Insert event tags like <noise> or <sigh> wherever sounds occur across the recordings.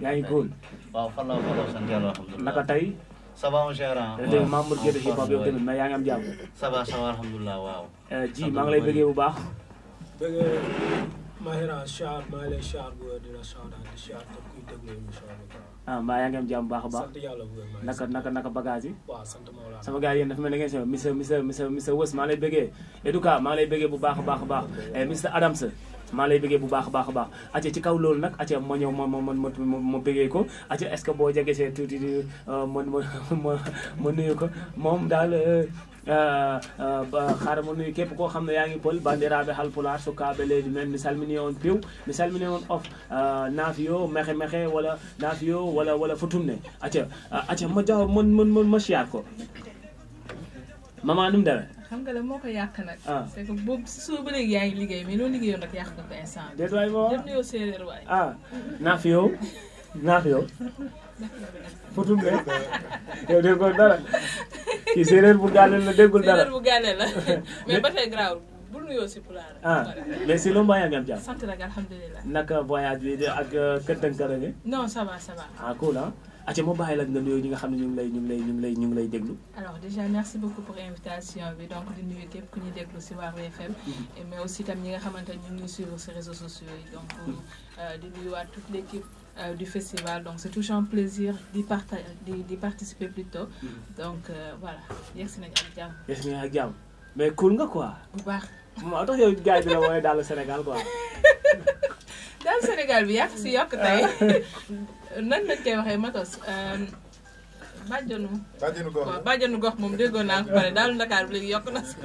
yaa ngi cool. waaw naka tey. ça va mon cher am jàmm. ça va ça waaw. maa ngi lay bëggee bu baax. bëggee Mahira Char maa ngi lay Char bu wér di la Chara yaa ngi am baax baax. sant yàlla bu wér naka naka naka bagage yi. waaw sant Maola. sama gars yi yéen dafa mel maa lay bëggee en maa lay bëggee bu baax a baax a baax Adams maa lay bëggee bu baax a baax a baax aca ci kaw loolu nag aca ma ñëw ma ma ma ma bëggee ko aca est-ce que boo jege see tuuti euh, ma ma ma ma nuyu ko moom daal euh, euh, xaaral ma nuyu képp koo xam ne yaa ngi pël bandiraaɓe halpulaar sukkaaɓe leydi men mi salmini on piw mi salmini on of naafiyo mexe mexe wala naafiyo wala wala fotumne aca aca ma jaw man man ma siyaar ko mama num dewe xam nga la moo ko yàq nag. Ah. c'est que boobu si suba ba léegi yaa ngi liggéey mais loolu liggéeyoon nag yàq na ko instant bi. déet waay boo dem na yow séeréer waay. ah naaf yow naaf yow. futum ne yow déggul dara kii séeréer bu gàlleel la déggul dara <laughs> <laughs> mais ba tey graaw bul nuyoo si pulaar. ah mais si lu mbaa yaa ngi am jàmm. sant nag naka voyage bi ak euh, kër Tënkara gi. non ça va ah cool Athia mo baye la nga nuyo ñi nga xam ñu ngi lay ñu ngi lay ñu ngi lay ñu ngi lay déglu. alors déjà merci beaucoup pour invitation bi donc di nuyu képp ku ñu déglu si war FM. Mm-hmm. et mais aussi tam ñi nga xamante ñu ngi suivre si réseaux sociaux yi donc. Mm-hmm. Euh, di nuyuwaat toute l'équipe Euh, du festival. Donc c'est toujours un plaisir d'y parta participer plutôt. Mm Donc euh, voilà, merci nañu Nadia. Merci nañu Nadia. Mais cool nga quoi. bu baax moo tax yow gars bi la wooyee daal Sénégal quoi. <laughs> daal Sénégal bi yàq si yokk tey <laughs> nan lañ koy waxee matos. Euh, bàjjanu. bàjjanu gox gox moom déggoon naa ko pare daal Ndakaar bi léegi yokk na si.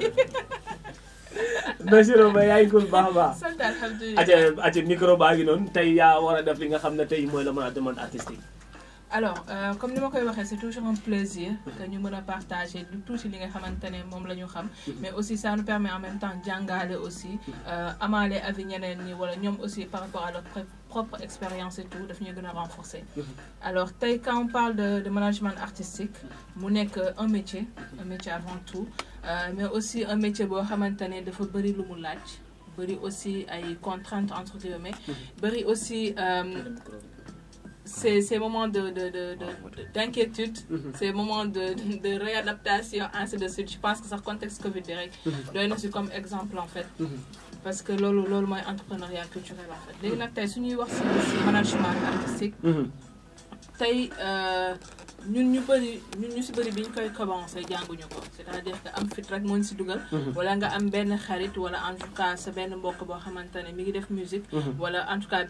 Bachir <laughs> Mbaye yaa ngi ko baax a baax. sant alhamdulilah. ati ati micro baa ngi noonu tey yaa war a def li nga xam ne tey mooy la mën a demande artistique. alors euh, comme nous ma c'est toujours un plaisir que nous puissions partager tout ce li nga xamante mais aussi ça nous permet en même temps jàngaale aussi euh, amaale avis ñeneen ñi wala nous aussi par rapport à notre propre expérience et tout de venir nous renforcer alors quand on parle de de management artistique mu n'est un métier un métier avant tout euh, mais aussi un métier pour nous ne dafa bëri lu mu laaj bëri aussi ay contraintes entre guillemets bëri aussi ces, ces moments d'inquiétude, de, de, mm-hmm. ces moments de, réadaptation, ainsi de suite. Je pense que ça contexte Covid direct. Donc, mm-hmm. c'est comme exemple en fait. Mm-hmm. parce que c'est l'entrepreneuriat culturel en fait management artistique. Euh, nous c'est-à-dire que en tout cas musique. wala en tout cas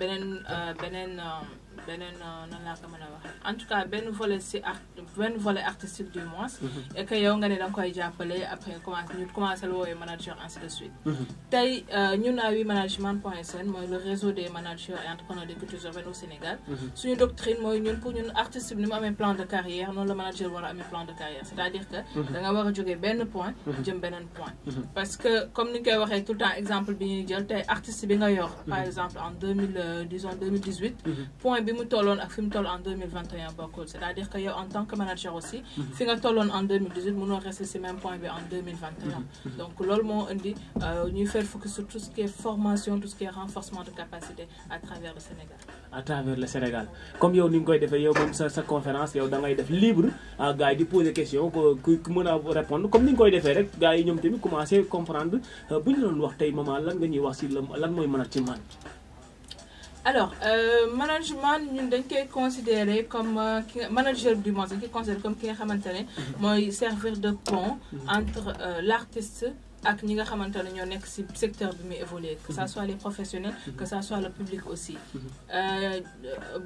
benen euh, nan laa ko mën a waxee en tout cas benn volet si art benn volet artistique du moins. Mhm. et que yow nga ne da nga koy jàppale après commencé ñu commencé la woowee manager ainsi de suite. Mhm. tey euh, ñun à wi management point sn mooy le réseau des managers et entrepreneurs des cultures urbaines au Sénégal. Mhm. suñu doctrine mooy ñun pour ñun artiste ni mu amee plan de carrière noonu la manager war a amee plan de carrière c' est à dire que. da nga war a jógee benn point. jëm beneen point. parce que comme ni ñu koy waxee tout le temps exemple bi ñuy jël tey artiste bi nga yor. par exemple en 2010 euh, disons 2018. point mooy bi mu tolon ak en 2021 c'est-à-dire que yow en tant que manager aussi mhm. fi nga tolon en 2018 mënoo rester le même point bi en 2021 mhm. mhm. donc nous mo indi euh, ñuy faire focus sur tout ce qui est formation tout ce qui est renforcement de capacité à travers le Sénégal à travers le Sénégal comme yow ni ngui koy défé yow sa conférence yow da ngay def libre ah, gars di poser question questions, ku répondre comme ni ngui koy défé rek gars yi ñom tamit commencer comprendre euh, bu nous wax tay maman lan nga ñuy wax ci lan alors euh, management ñun dañ koy comme... comme euh, manager du monde qui est comme mhm. servir de pont mhm. entre euh, l'artiste ak ñi nga xamante ñoo nekk secteur bi muy évoluer que ça soit les professionnels mhm. que ça soit le public aussi mhm. euh,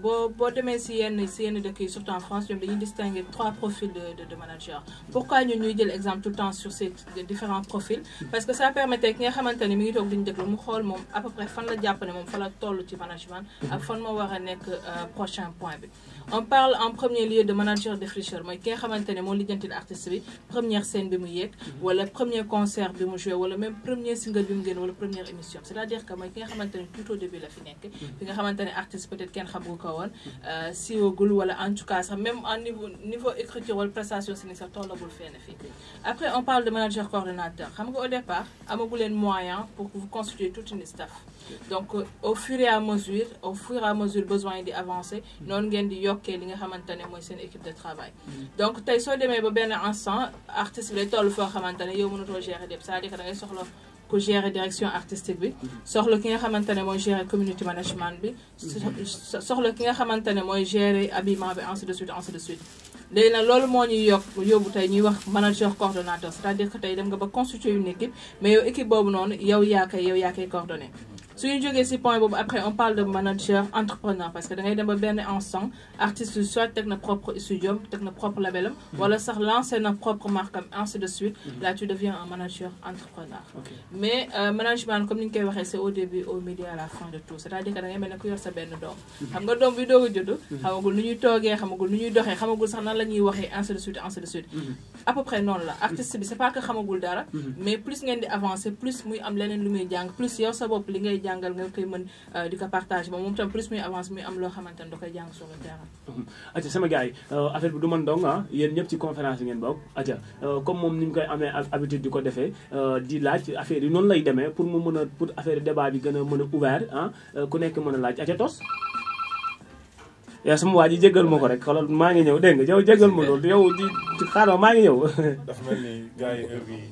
boo boo demee ci yenn ci yenn surtout en France ñoom dañuy distinguer trois profils de de manager pourquoi nous ñuy jël exemple tout le temps sur ces différents profils mhm. parce que ça permet à nga xamante ne mi ngi toog duñu déglu mu xool à peu près fan la jàpp ne moom fa la toll ci management ak fan moo war nekk euh, prochain point bi on parle en premier lieu de manager de mooy Moi, qui xamante ne moo artiste première scène de Mouyek, ou le premier concert mon jeu, ou le même premier single mon Mouyek, ou la première émission cest à dire que je ki nga est tout au début la fi nekk fi nga xamante artiste peut être été xamu ko si euh, siiwagul wala en tout cas même au niveau niveau écriture ou prestation de sax tollagul fenn fii après on parle de manager coordinateur. au départ amagu un moyen pour vous constituer toute une staff donc au fur et à mesure au fur et à mesure besoin d'avancer di avancer noonu ngeen di yokkee li nga xamantane moy sen équipe de travail mm. donc tay so demee ba benn instant artiste bi day toll foo xamante ne yow mënatoo gérer lépp c'est-à-dire que da ngay soxlo ko gérer direction artistique bi mm-hmm. soxlo ki nga xamantane moy gérer community management bi mm-hmm. soxlo ki nga xamantane moy gérer habillement bi ainsi de suite ainsi de suite léegi nag loolu moo ñuy yokk yóbbu tey ñuy wax manager coordonnateur c'est-à-dire que tey dem nga ba constituer une équipe mais yow équipe boobu noonu yow yaa koy yow yaa koy coordonné suñu jógee si point après on parle de manager entrepreneur parce que da ngay dem ba ensemble artiste soit teg na propre studio teg na propre labelam hmm. wala sax lancer na propre marque ainsi de suite hmm. là tu deviens un manager entrepreneur mais euh, management comme ni ñu c'est au début au milieu à la fin de tout c'est-à-dire que da ngay mel ne ku sa benn doom hmm. xam nga doom bi doog a judd xamagul nu ñuy toogee xamagul nu ñuy doxee xamagul sax nan la ñuy ainsi de suite ainsi de suite à peu près non la artiste c'est pas que on dara mais plus ngeen di avancer plus muy am leneen lu muy jàng plus yow sa bopp li ngay jàngal nga koy mën eh, di ko partage ba moom tam plus muy avance muy am loo xamantene ne da koy jàng sur le terrain aca sama gars yi affaire bi du man dong ah yéen ñëpp ci conférence ngeen bokk aca comme moom ni ñu koy amee habitude di ko defee eh, di laaj affaire yi noonu lay demee pour mu mën a pour affaire débat bi gën a mën a ouvert ah eh, ku nekk mën a laaj aca tos ya sama waa ji jégal ma ko rek xoolal maa ngi ñëw dégg nga yow jégal ma loolu yow di ci xaaral maa ngi ñëw. dafa mel ni gars yi heure bii.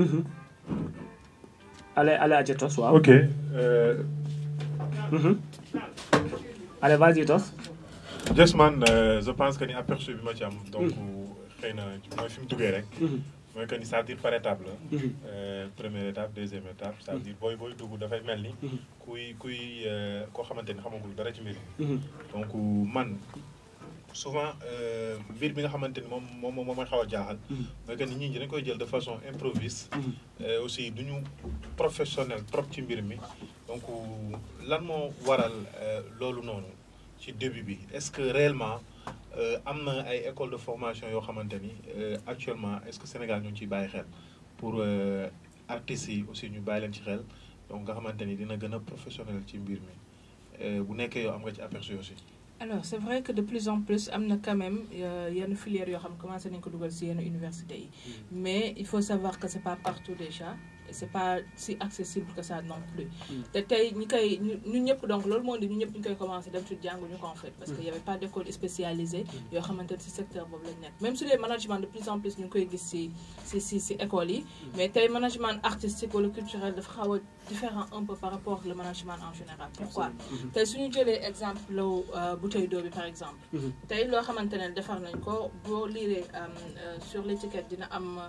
Mhm. Allez, allez, gdzie OK mhm. allez, allez. Allez, vas je je pense que aperçu ma donc je mhm. suis rek. Je mhm. que un film par étape euh, première étape, deuxième étape, ça dire boy boy da fay kuy kuy euh, Donc man souvent mbir euh, bi nga xamanteni mom mom moom moom mooy xaw jaaxal. Mm. mooy que ni ñii dañ koy jël de façon improvise. Mm. Euh, aussi du professionnel trop ci mbir mi. donc lan mo waral euh, lolu noonu ci début bi est-ce que réellement am na ay école de formation yoo xamante ni actuellement est-ce que Sénégal ñu ngi ciy bàyyi xel pour artistes yi aussi ñu bàyyi leen ci xel donc nga xamante ni dina gën a professionnel ci mbir mi bu nekkee yow am nga ci aperçu aussi alors c'est vrai que de plus en plus il y quand même filière qui a xam commencé à ko dugal si université mm. mais il faut savoir que ce n'est pas partout déjà Ce n'est pas si accessible que ça non plus Nous, mm. avons ñi koy donc commencé à faire des en fait parce qu'il n'y mm. avait pas d'école spécialisée y a ne si secteur même sur le management de plus en plus nous avons koy c'est c'est mais le management artistique ou culturel de xaw différent un peu par rapport au management en général. Pourquoi mm-hmm. tey su ñu l'exemple de la euh, bouteille d'eau par exemple. Mm-hmm. Tu as xamante ne defar nañ ko pour lire euh, euh, sur l'étiquette dina am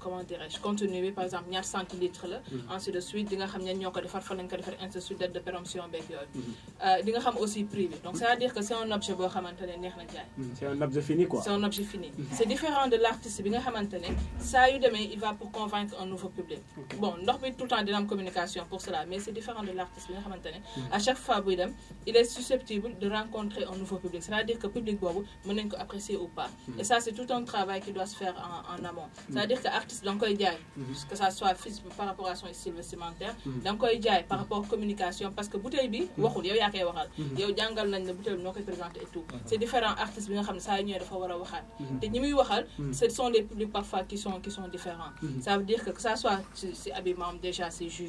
comment dirais-je continuer par exemple ñaar centilitres la. ainsi mm-hmm. de suite di nga xam ñan ñoo defar fan ko defar ainsi de suite de péremption di nga aussi prix donc ça veut dire que c'est un objet que xamante ne neex na c'est un objet fini quoi. c'est un objet fini. c'est différent de l'artiste bi nga xamante Ça a yu demain, il va pour convaincre un nouveau public. bon ndox bi tout le temps dina am communication pour cela mais c'est différent de l'artiste à chaque fois il est susceptible de rencontrer un nouveau public c'est-à-dire que public boobu mën nañ ko apprécier ou pas hmm. et ça c'est tout un travail qui doit se faire en, en amont hmm. c'est-à-dire que l'artiste da koy hmm. que ça soit physique par rapport à son style vestimentaire da nga koy jaay par rapport communication parce que bouteille bi waxul yow yaa koy waxal yow jàngal nañ la bouteille et tout c'est différent artiste bi nga xam ne saa dafa a ce sont les publics parfois qui sont qui sont différents ça veut dire que que ça soit si habillement déjà c'est juste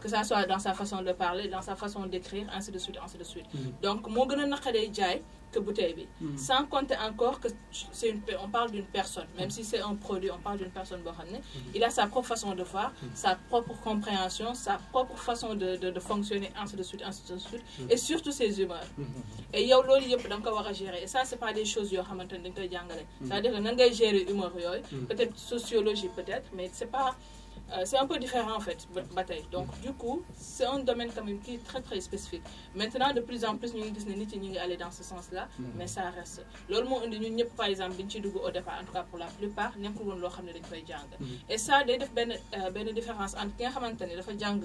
que ça soit dans sa façon de parler dans sa façon d'écrire ainsi de suite ainsi de suite mhm. donc mon que mhm. sans compter encore que c'est une on parle d'une personne même mhm. si c'est un produit on parle d'une personne il a sa propre façon de voir sa propre compréhension sa propre façon de fonctionner ainsi de suite ainsi de suite et surtout ses humeurs et yow loolu yëpp gérer et ça c'est pas des choses que c'est-à-dire que nan ngay gérer humeur peut-être sociologie peut-être mais c'est pas euh, c'est un peu différent en fait, bataille. Donc du coup, c'est un domaine quand même qui est très très spécifique. Maintenant, de plus en plus, nous nous sommes aller dans ce sens-là, mhm. mais ça reste. L'autre nous par exemple, au départ, en tout cas pour la plupart, nous avons mhm. Et ça, il y a une différence entre qui est en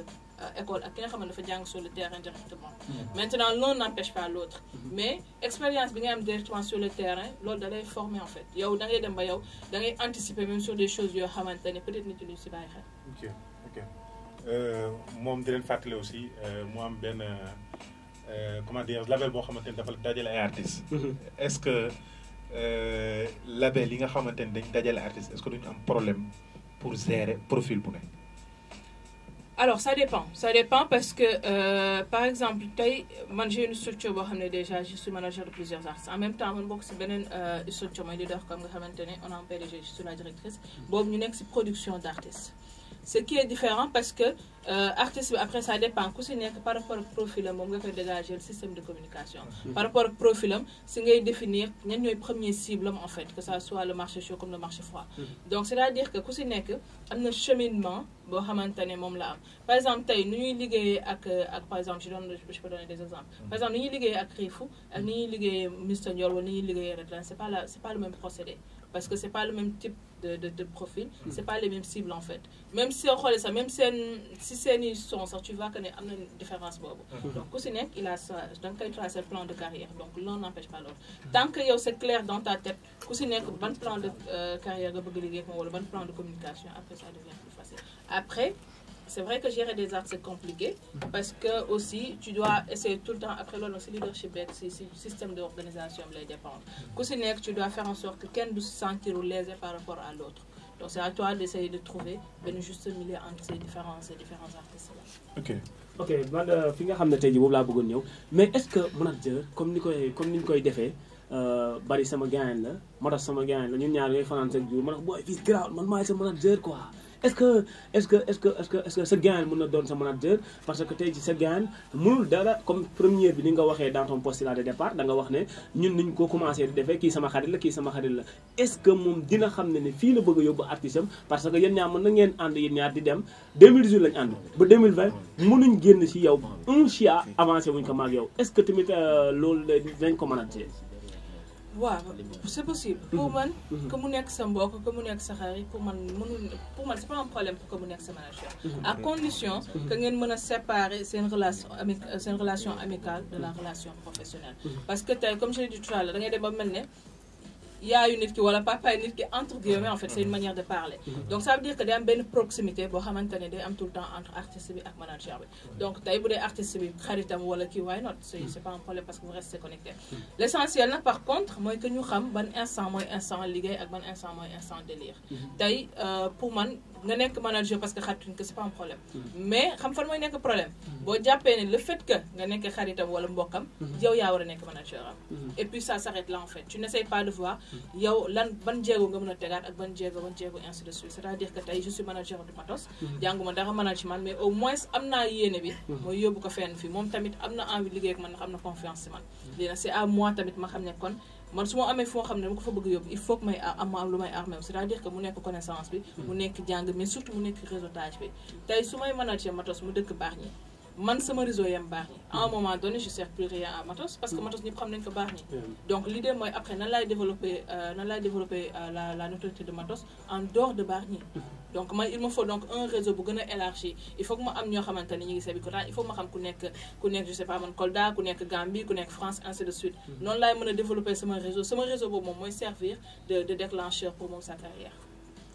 l'école et qui est sur le terrain directement. Mhm. Maintenant, l'un n'empêche pas l'autre. mais l'expérience Mais l'expérience directement sur le terrain, l'autre d'aller former en fait. Il y a anticiper même sur des choses, peut-être que nous ne ok ok euh, moom di leen fàttali aussi euh, mu am euh, comment dire label bo xamantene ni dafa dajale ay mm-hmm. est-ce que euh, label yi nga xamantene dañ dajale artiste est-ce que duñ am problème pour gérer profil bu ne. Alors, ça dépend. Ça dépend parce que, euh, par exemple, moi, j'ai une structure, déjà, je suis manager de plusieurs artistes. En même temps, benen une structure, leader, comme on a je suis la directrice. Mm-hmm. Bon, une production d'artistes ce qui est différent parce que euh, après ça dépend par rapport au profil on peut dégager le système de communication. par rapport au profil on si définir les premiers premier cible en fait que ça soit le marché chaud comme le marché froid. Mm-hmm. donc cest à dire que ku si un cheminement bo xamantane mom la par exemple tay on ñuy liggéeyee ak ak par exemple je donne je peux donner des exemples. Mm-hmm. par exemple on ñuy ak Rifu ak nu ñuy Ndiol wala ñuy pas pas le même procédé parce que c'est pas le même type de, de, de profil hmm. c'est pas les mêmes cibles en fait même si on connaît ça même si si c'est une sont tu vois qu'il y a une différence hmm. donc ku il a ça donc il plan de carrière donc l'un n'empêche pas l'autre tant que c'est clair dans ta tête ku bon plan de euh, carrière le bon plan de communication après ça devient plus facile après c'est vrai que gérer des arts, c'est compliqué parce que aussi, tu dois essayer tout le temps, après le leadership, c'est le système d'organisation, les dépendre. que tu dois faire en sorte que quelqu'un ne se sente lésé par rapport à l'autre. Donc c'est à toi d'essayer de trouver le juste milieu entre ces différents, ces différents artistes-là. Ok. Ok, Je euh, fi nga xamné tay mais est-ce que manager comme comme euh, bari sama sama grave manager quoi est ce que est ce que est ce que est ce que est-ce que ce gain mën na doon sa manager parce que tay ci ce gain mënul dara comme première bi ni nga waxé dans ton postulat de départ da nga wax né ñun niñ ko commencer di defee kii sama xarit la ki sama xarit la est ce que mom dina xamné ne fi fii la bëgg yobbu yóbbu artiste parce que yeen ñaar mën na ngeen and yeen ñaar di dem 2018 lañ and ba 2020 mënuñ génn ci yow un chia avancé buñ ko mag yow est ce que tamit euh, loolu dinañ ko manager ouais c'est possible. pour moi comme avec nekk sa comme que mu nekk sa pour moi pour c'est pas un problème pour que est nekk sa manager. Mhm. à condition mhm. que nous mën séparer c'est relation relation amicale de la relation professionnelle. Mhm. parce que comme je l'ai dit tout à l'heure dem yaayu nit ki wala papa nit qui entre guillemets en fait c'est une manière de parler donc ça veut dire que day am benn proximité bo xamante ne day am tout le temps entre artiste bi ak manager bi donc tay bu dee artiste bi xaritam wala ki why not c'est c'est pas un problème parce que vous restez connecté l'essentiel là par contre mooy que ñu xam ban instant moy instant liggéey ak ban instant moy instant délire euh, pour man nga nekk manager parce que xarituñ que c'est pas un problème hmm. mais xam fan mooy nekk problème hmm. boo jàppee ne le fait que nga nekk xaritam wala mbokam. Hmm. yow yaa war a nekk manager am et puis ça s'arrête là en fait tu n'essayes pas de voir yow lan ban jéego nga mën a tegaat ak ban jéego ban jéego ainsi de suite c'est-à-dire que tey je suis manager du matos jànguma dara management mais au moins am naa yéene bi mooy yóbbu ko fenn fi moom tamit am na envie liggéey ak man ndax na confiance ci man léegi nag c'est à moi tamit ma xam ne kon man su ma amee foo xam ne dama ko fa bëgg yóbbu il faut que may am am lu may armé cest dire que mu nekk connaissance bi mu nekk jàng mais surtout mu nekk réseautage bi tey su may manager matos mu dëkk baax ñi man sama réseau yam baax à un moment donné je sers plus rien à Matos parce que Matos ñëpp xam nañ ko baax ni donc l'idée moy après nan la développer euh, nan la développer euh, la la notoriété de Matos en dehors de baax ni donc man il me faut donc un réseau bu gën élargi il faut que ma am ñoo xamante ñi ñu ngi il faut que ma xam ku nekk ku nekk je sais pas man Kolda ku nekk Gambie ku nekk France ainsi de suite mm. non lay mën a développer sama réseau sama réseau boobu moom servir de de déclencheur pour mon sa carrière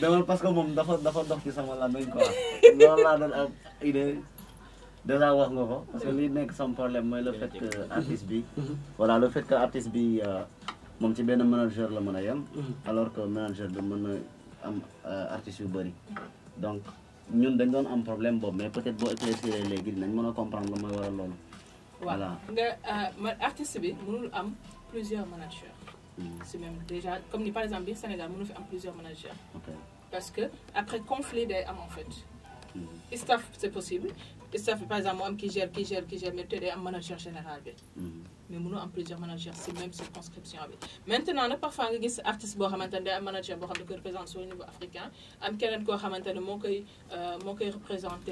demal parce que moom dafa dafa dox ci sama làmmiñ quoi loolu laa doon am idée déjà wax nga ko parce que lii nekk sama problème mooy le fait que artiste bi voilà le fait que artiste bi euh, moom ci benn manager la mën a yem alors que manager bi mën na am euh, artiste yu bëri donc ñun dañ doon am problème boobu mais peut-être boo éclaircir léegi dinañ mën a comprendre la mooy waral loolu voilà nga euh, artiste bi mënul am plusieurs managers C'est même déjà, comme ni par exemple, le Sénégal, nous en plusieurs managers. Parce que, après conflit des en fait. Hmm. Staff, c'est possible. Staff, par exemple, moi qui gère, qui gère, qui gère, mais tu es un manager général mais nous avons plusieurs managers c'est même inscription avec. maintenant nag parfois nga artistes artiste boo xamante manager boo xam représente sur le niveau africain am keneen koo xamante ne moo koy euh, moo koy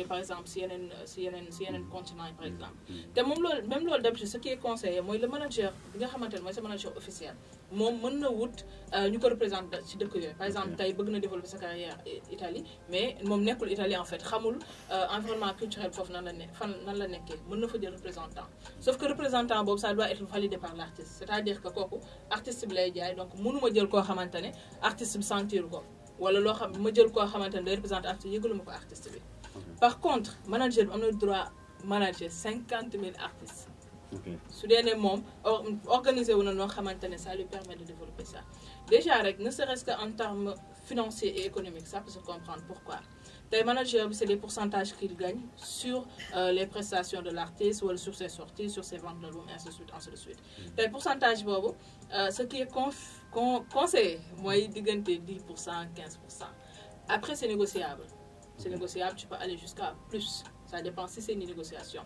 par exemple si yeneen si yeneen si yeneen continent yi par exemple mm. Mm. te moom même loolu d'habitude ce qui est conseillé Moi, le manager bi nga xamante ne sa manager officiel moom mën na wut euh, ñu ko représenté ci dëkk yooyu par exemple tey bëgg na développer sa carrière en Italie mais moom nekkul Italie en fait xamul euh, environnement culturel foofu nan la ne nan la nekkee mën fa jël représentant sauf que représentant boobu être validé par l'artiste c'est-à-dire que l'artiste artiste bi lay jaay donc mënuma jël ko xamantane ne artiste bi sentir ko wala ou xam ma jël ko xamantane ne day représenté artiste ko artiste bi par contre manager a le droit droit manager 50 000 artistes su dee un moom organisé wu xamantane ça lui permet de développer ça déjà rek ne serait-ce qu'en en termes financiers et économiques ça peut se comprendre pourquoi les c'est les pourcentages qu'il gagnent sur euh, les prestations de l'artiste ou sur ses sorties sur ses ventes d'albums ainsi de suite ainsi de suite Les hmm. pourcentage euh, ce qui est conseillé, con conseillé gagnent 10 15 après c'est négociable c'est négociable tu peux aller jusqu'à plus ça dépend si c'est une négociation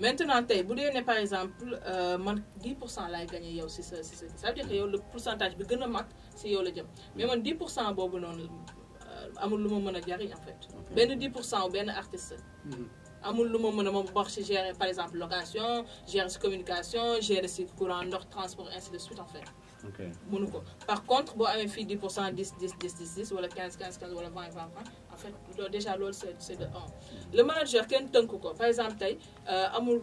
maintenant si vous dee par exemple 10 là il gagne gagné ça veut dire que le pourcentage bi gën mais 10 c'est amul luma a en fait ben 10 ben artiste mhm. amul luma a par exemple location gérer communication gérer ses courant transport ainsi de suite en fait OK par contre bo amee 10 10 10 10 10 10 wala 15 15 15 wala 20 20 20 en fait déjà c'est de manager mhm. le manager ken tënk ko par exemple euh, amul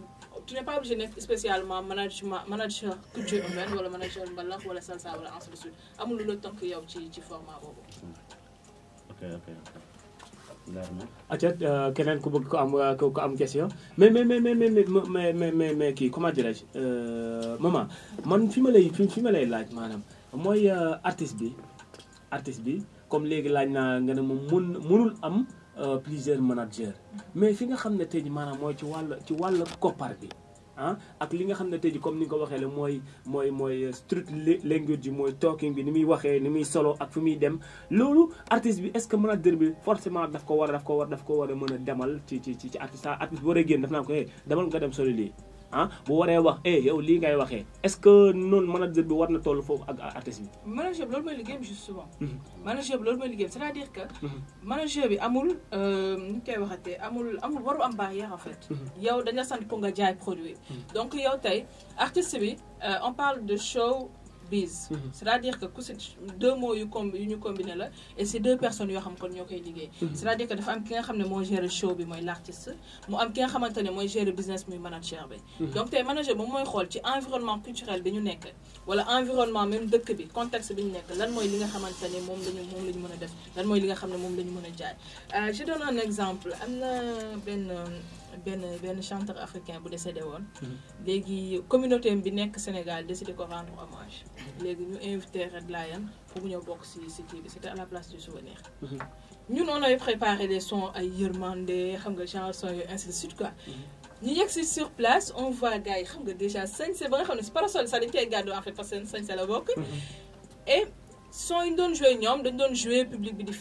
tu n'es pas obligé spécialement management manager culture humaine wala manager mbalax wala salsa wala ainsi de suite amul le yow ci format ok acet euh, keneen ku bëgg ko am euh, ko am question mais mais mais mais mais mais mais mais kii comment dirais-je euh, man fi ma lay fi ma lay laaj maanaam mooy artiste bi artiste bi comme léegi laaj naa nga moom mun mënul am plusieurs manager mais fi nga xam ne tey maanaam mooy ci wàll ci wàll koppar bi ah ak li nga xam ne tey jii comme ni nga ko waxee la mooy mooy mooy street language ji mooy talking bi ni muy waxee ni muy solo ak fi muy dem loolu artiste bi est-ce que manager bi forcément daf ko war a daf ko war daf ko war a mën a demal ci ci ci artiste artiste boo waree génn daf naa ko demal nga dem solo lii ah bu waree wax eh yow lii ngay waxee est-ce que noonu manager bi war na toll foofu ak artiste bi. manager bi loolu mooy liggéeyam juste souvent. Mhm. manager bi loolu mooy liggéeyam c'est-à-dire que. Mhm. manager bi amul euh, nu koy waxatee amul amul waru am barrière en fait. Mhm. yow dañ la sant pour nga jaay produit. donc yow tey artiste bi euh, on parle de show biz mhm. c'est-à-dire que ku deux mots yu com yu ñu combiné la et c'est deux personnes yo xam kon ñokay koy liggéey mhm. c'est-à-dire que dafa am ki nga xamné ne moo gérer show bi moy l'artiste mu am ki nga xamante moy mooy gérer business muy manager bi mhm. donc tay manager moom moy xol ci environnement culturel bi ñu nekk wala environnement même dëkk bi contexte bi ñu nekk lan moy li nga xamante mom moom lañu moom la ñu def lan moy li nga xam mom moom mëna ñu mën jaay euh, je donne un exemple amna ben benn benn benn chanteur africain bu décédé woon. Mhm. léegi communauté bi Sénégal décidé ko rendre hommage. Mhm. léegi ñu invité Red Lion pour ñëw bokk si à la place du souvenir. Mhm. Nous on préparé des sons ay xam ainsi de suite sur place on voit gars xam nga déjà c'est fait et son yi public bi di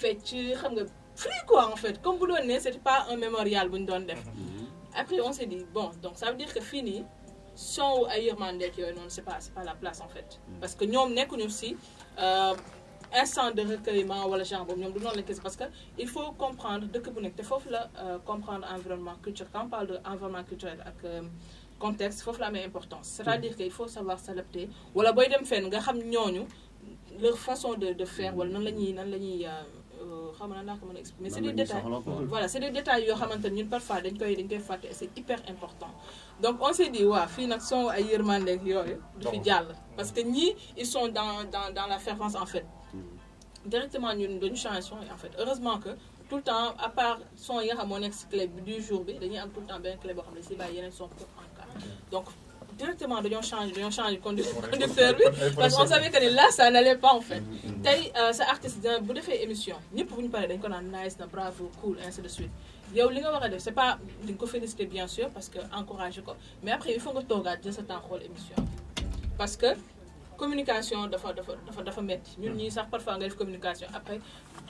free quoi en fait comme le doon ce n'était pas un mémorial vous mhm. après on s'est dit bon donc ça veut dire que fini, sans ailleurs ce n'est non, c'est pas pas la place en fait mhm. parce que ñoom aussi, un centre de recueillement wala parce que il faut comprendre de bu te faut euh, comprendre environnement culture quand on parle de environnement culturel ak euh, contexte mhm. il la mais importance c'est-à-dire qu'il faut savoir s'adapter ou la dem fenn nga xam leur façon de de faire xaw ma mën a exprimer c'est des détails voilà c'est des détails yoo xamante ñun parfois dañ koy dañ koy fàtte c'est hyper important donc on s'est dit waaw fii nag son ay yërmandeeg yooyu du fi jàll parce que ñii ils sont dans dans dans la fervence en fait mm-hmm. directement ñun dañu changé son en fait heureusement que tout le temps à part son yi nga xam moo nekk si clé bi du jour bi dañuy am tout le temps benn clé boo xam ne si bàyyi yeneen son pour en cas donc directement dañoo changer dañoo de conducteur oui. parce qu'on savait que là ça n'allait pas en fait mm, mm, mm. tey euh, artiste artiste vous bu defee émission nous pour parler parler, dañ ko nice d'un bravo cool ainsi de suite yow li c'est pas une bien sûr parce que mais après il faut que tu regardes, c'est un rôle émission parce que communication dafa dafa dafa dafa metti ñun ñii sax parfois nga def communication après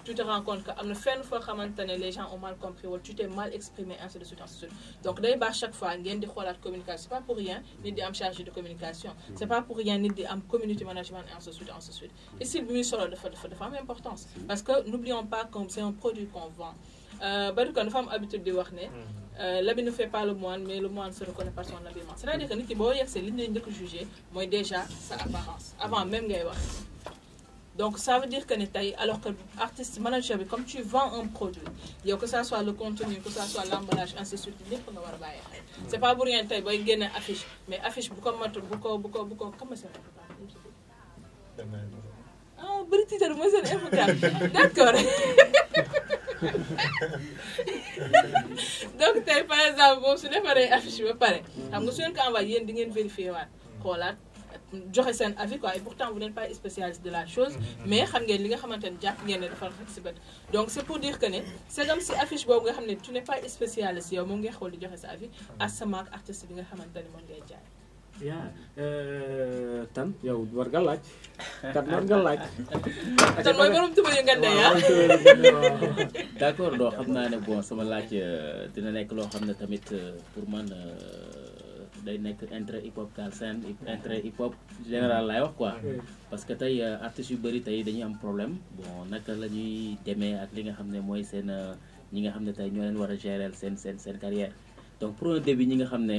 tu te rends compte que am fin fenn foo xamante les gens ont mal compris wala tu t'es mal exprimé ainsi de suite ainsi de suite donc day baax chaque fois ngeen di la communication c'est pas pour rien nit di am chargé de communication c'est pas pour rien nit di am community management ainsi de suite ainsi de suite et le bi muy solo dafa dafa dafa am importance parce que n'oublions pas que c'est un produit qu'on vend euh, on dafa am habitude di wax ne. Mhm. Euh, l'habit ne fait pas le moine mais le moine se reconnaît par son habillement c'est-à-dire que nit ki boo yegsee li ñu leen juger déjà sa apparence avant même ngay wax donc ça veut dire que ne tey alors que artiste manager comme tu vends un produit yow que ça soit le contenu que ça soit l'emballage ainsi de suite lépp nga c'est pas pour rien tey a génne affiche mais affiche bu ko mat bu ko bu ko bu ko comment ça ah bëri titre mooy <laughs> d'accord <laughs> donc tey par exemple moom su defaree affiche ba pare xam nga su leen ko envoyé yéen di ngeen vérifié waat xoolaat joxe seen avis quoi et pourtant vous n'êtes pas spécialiste de la chose mm-hmm. mais xam ngeen li nga xamante ne jàpp ngeen ne dafa rafet si bët donc c' est pour dire que ne comme si affiche boobu nga xam ne tu n'es pas spécialiste yow moom ngay xool di joxe sa avis mm-hmm. ak artiste bi nga xamante ne moom ngay jaay yaa eh, tan yow war nga laaj tan <laughs> mooy borom accord doo xam naa ne bon sama laaj euh, dina nekk loo xam ne tamit euh, pour man euh, day nekk intérêt hip hop galsen intérêt hip général laay wax quoi. Ah, parce que tey artistes yu bëri tey dañuy am problème bon naka la ñuy demee ak li nga xam ne mooy seen ñi nga xam ne tey ñoo leen war a gérer seen seen seen carrière donc pour un début ñi nga xam ne.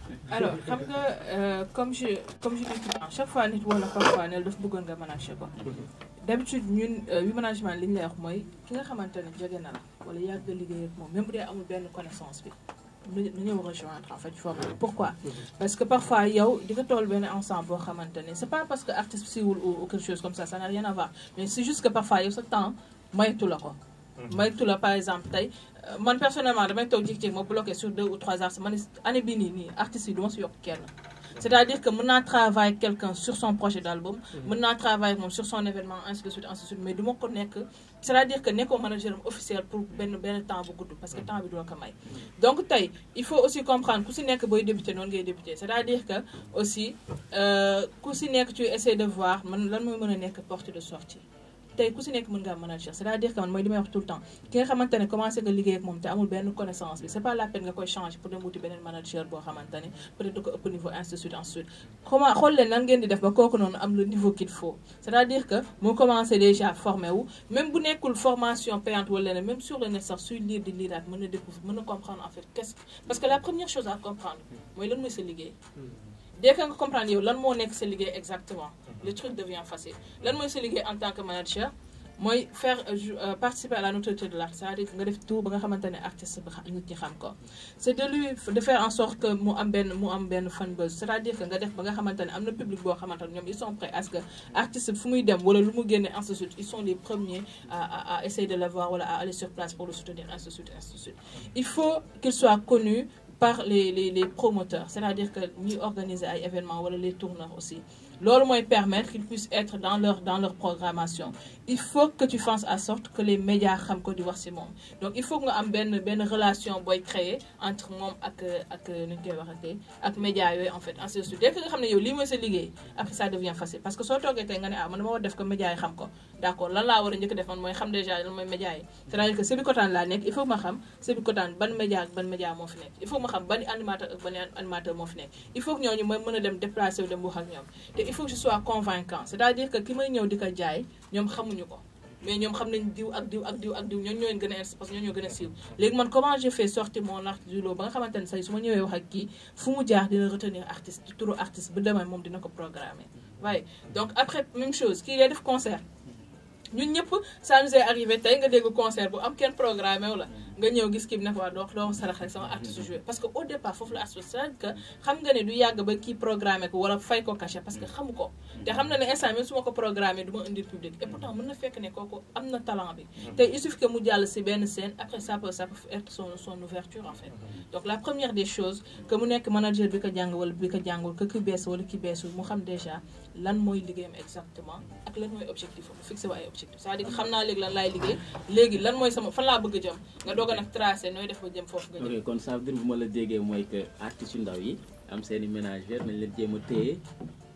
alors xam nga euh, comme je comme je dis chaque fois nit wala parfois ne daf bëggoon nga manager ko d'habitude ñun wi euh, management li ñu lay wax mooy ki nga xamante ne jege na la wala yàgg a liggéey ak moom même bu dee amul benn connaissance bi nu ñëw rejoindre en fait foofu pourquoi parce que parfois yow di nga toll benn ensemble boo xamante ne c'est pas parce que artiste siwul ou quelque chose comme ça ça n'a rien à voir mais c'est juste que parfois yow sa temps maytu la ko mhm. tout la par exemple tey euh, man personnellement damay toog jékki-jékki ma bloqué sur deux ou trois arts c'est ne année bi nii nii artistes yi du ma si yokk kenn. c'est-à-dire que mën naa travailler quelqu'un sur son projet d'album. Mhm. mën naa travailler moom sur son événement ainsi de suite ainsi de suite mais du ma ko nekk. c'est-à-dire que nekkoo manager officiel pour benn benn temps bu gudd parce que mhm. temps bi du la ko may. Mhm. donc tey il faut aussi comprendre ku si nekk booy débuter noonu ngay débuter c'est-à-dire que aussi euh, ku si nekk tu essaies de voir man lan mooy mën a nekk porte de sortie tey ku si nekk mën ngaa manager c'est-à-dire que man mooy li may wax tout le temps ki nga xamante ne commencé nga liggéey ak moom te amul benn connaissance bi c'est pas la peine nga koy changer pour dem wuti beneen manager boo xamante ne peut-être du ko ëpp niveau ainsi de suite ainsi de suite comment xool leen nan ngeen di def ba kooku noonu am le niveau qu'il faut c'est-à-dire que mu commencé déjà formé wu même bu nekkul formation payante wala leneen même sur le net sax suy lire di lire ak mën a découvrir mën a comprendre en fait qu'est-ce parce que la première chose à comprendre mooy lan mooy sa liggéey hmm dès que nga comprendre yow lan mo nek sa liggéey exactement mhm. le truc devient facile lan moy sa liggéey en tant que manager moy faire euh, euh, participer à la notoriété de l'artiste c'est-à-dire que nga def tout ba nga xamante artiste ba nit ñi xam ko c'est de lui de faire en sorte que mu am ben mu am ben fan buzz c'est-à-dire que nga def ba nga xamante amna public bo xamante ñom ils sont prêts à ce que artiste bi fu muy dem wala lu mu génne ainsi de suite ils sont les premiers à à essayer de l'avoir wala à aller sur place pour le soutenir En de suite ainsi de suite il faut qu'il soit connu par les les promoteurs c'est-à-dire que nous organiser ay événements wala les tourneurs aussi moins ils permettre qu'ils puissent être dans leur dans leur programmation il faut que tu fasses en sorte que les médias xam ko di wax ci donc il faut nga am benn benn relation boy créer entre moom ak ak nu ñu koy waxatee ak en fait en ce sens dès que nga xam ne yow lii mooy sa liggéey après ça devient facile parce que soo tu tey nga ne ah man dama war def ko média yi xam ko d'accord lan laa war a njëkk def xam déjà lan médias c'est-à-dire que Sébikotane la nekk il faut ma xam Sébikotane ban média ak ban média moo fi nekk il faut ma xam ban animateur ak ban animateur moo fi nekk il faut que nous mooy mën a dem déplacer wu dem wax ak te il faut que je sois convaincant c'est-à-dire que ki may ñëw di jaay mais ñom xam diw ak diw ak diw ak diw ñoo comment j'ai fait sortir mon artiste du lot ba nga xamante say suma ñëwé wax ak retenir artiste turu artiste bu donc après même chose y a des concert ñun ñëpp ça nous est arrivé tay nga dégg concert bu am kenn programmé la nga ñëw gis rek sama mm-hmm. artiste parce que au départ la que xam nga du ba programmé ko wala fay ko parce que mm-hmm. xam ko xam na instant même su ma ko public et mm-hmm. pourtant mën na fekk ne talent bi il suffit que mu jàll si scène après ça peut ça être son ouverture en fait donc la première des choses que mu nekk manager bi ko bi ko que ki wala mu xam déjà lan mooy liggéeyam exactement ak lan mooy objectif am fixé wu ay objectif cest à xam naa léegi lan laay liggéey léegi lan mooy sama fa laa bëgg a jëm nga doog a nag tracé nooy def ba jëm foofu nga jëm. kon ça veut bu ma la déggee mooy que artistes yu ndaw yi am seeni i ménagères nañ leen jéem a téye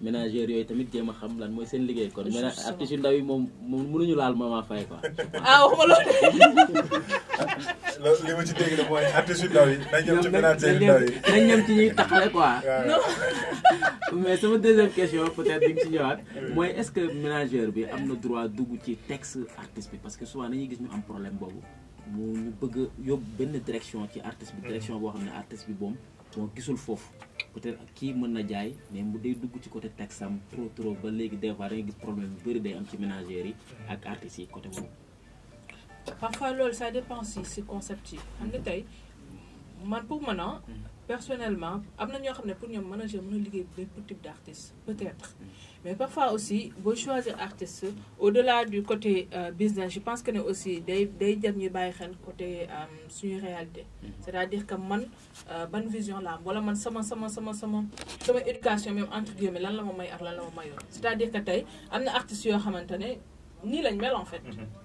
ménagères yooyu tamit jéem a xam lan mooy seen liggéey kon. ménage artistes yu ndaw yi moom moom mënuñu laal Mama Faye quoi. ah waxuma loolu de. <laughs> li ma ci dégg nag mooy artistes yu ndaw yi. nañ ñëw ci ménagères ñuy taxale quoi. <laughs> <laughs> mais sama deuxième question peut-être di nga ci ñëwaat. mooy est-ce que ménagère bi am na droit dugg ci texte artiste bi parce que souvent dañuy gis ñu am problème boobu mu ñu bëgg a yóbbu benn direction ci artiste bi. Mm. direction boo xam ne artiste bi moom. peut-être qui mais trop trop des problème parfois ça dépend si c'est concept En détail, pour ah, mm. personnellement am pour manager type d'artiste peut-être. Mm. Mais parfois aussi, vous choisir artiste, au-delà du côté euh, business, je pense que nous aussi, des derniers bailleurs côté euh, sur réalité. Mm-hmm. C'est-à-dire que mon euh, bonne vision là, voilà, man sama, sama, sama, sama, sama éducation même entre guillemets, là, là, moi, là, là, C'est-à-dire que t'as, un artiste qui a maintenu, ni l'animal en fait. Mm-hmm.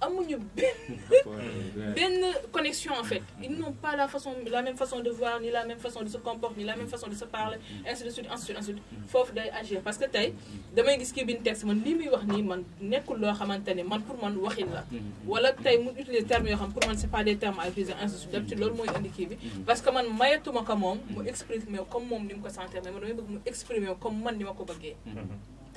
amuñu ben ben connexion en fait ils n'ont pas la façon la même façon de voir ni la même façon de se comporter ni la même façon de se parler ainsi de suite ainsi de suite ainsi de suite foofu day agir parce que tey damay gis kii bi texte man ni muy wax nii man nekkul loo xamante ne man pour man waxin la wala tey mu utiliser termes yoo xam pour man c'est pas des termes à utiliser ainsi de suite d'habitude loolu mooy indi bi parce que man mayatuma mon moom mu exprimer comme moom ni mu ko sentir mais man damay mu exprimer comme man ni ma ko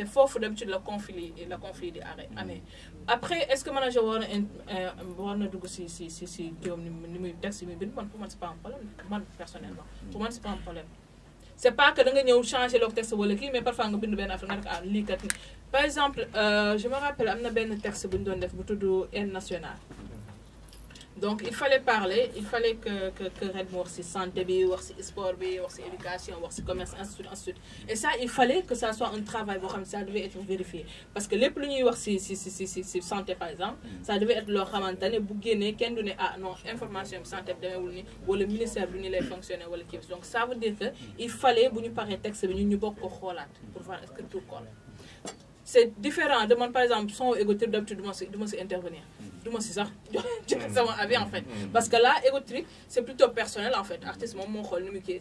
fort faut d'habitude la conflit la conflit des arrêts mm. après est-ce que manager war na un euh, si si si si qui ni ni Mais pas un problème moi personnellement mm. pour n'est c'est pas un problème c'est pas que nous avons changé le texte wala qui mais parfois nous bind un affaire nga ah, par exemple euh, je me rappelle am na un texte qui def bu donc il fallait parler il fallait que que que santé sport bi wax éducation wax ci commerce ensuite et ça il fallait que ça soit un travail ça devait être vérifié parce que les lu si wax santé par exemple mm. ça devait être leur xamante ne bu génnee ah non information santé ou le ministère ou les fonctionnaires, ou wala donc ça veut dire que mm. il fallait venir par un texte bi ñun pour voir est-ce que tout c'est différent demande par exemple son ego trip d'habitude du ma si intervenir mm. <laughs> mm. en fait mm. parce que là ego c'est plutôt personnel en fait artiste mon mon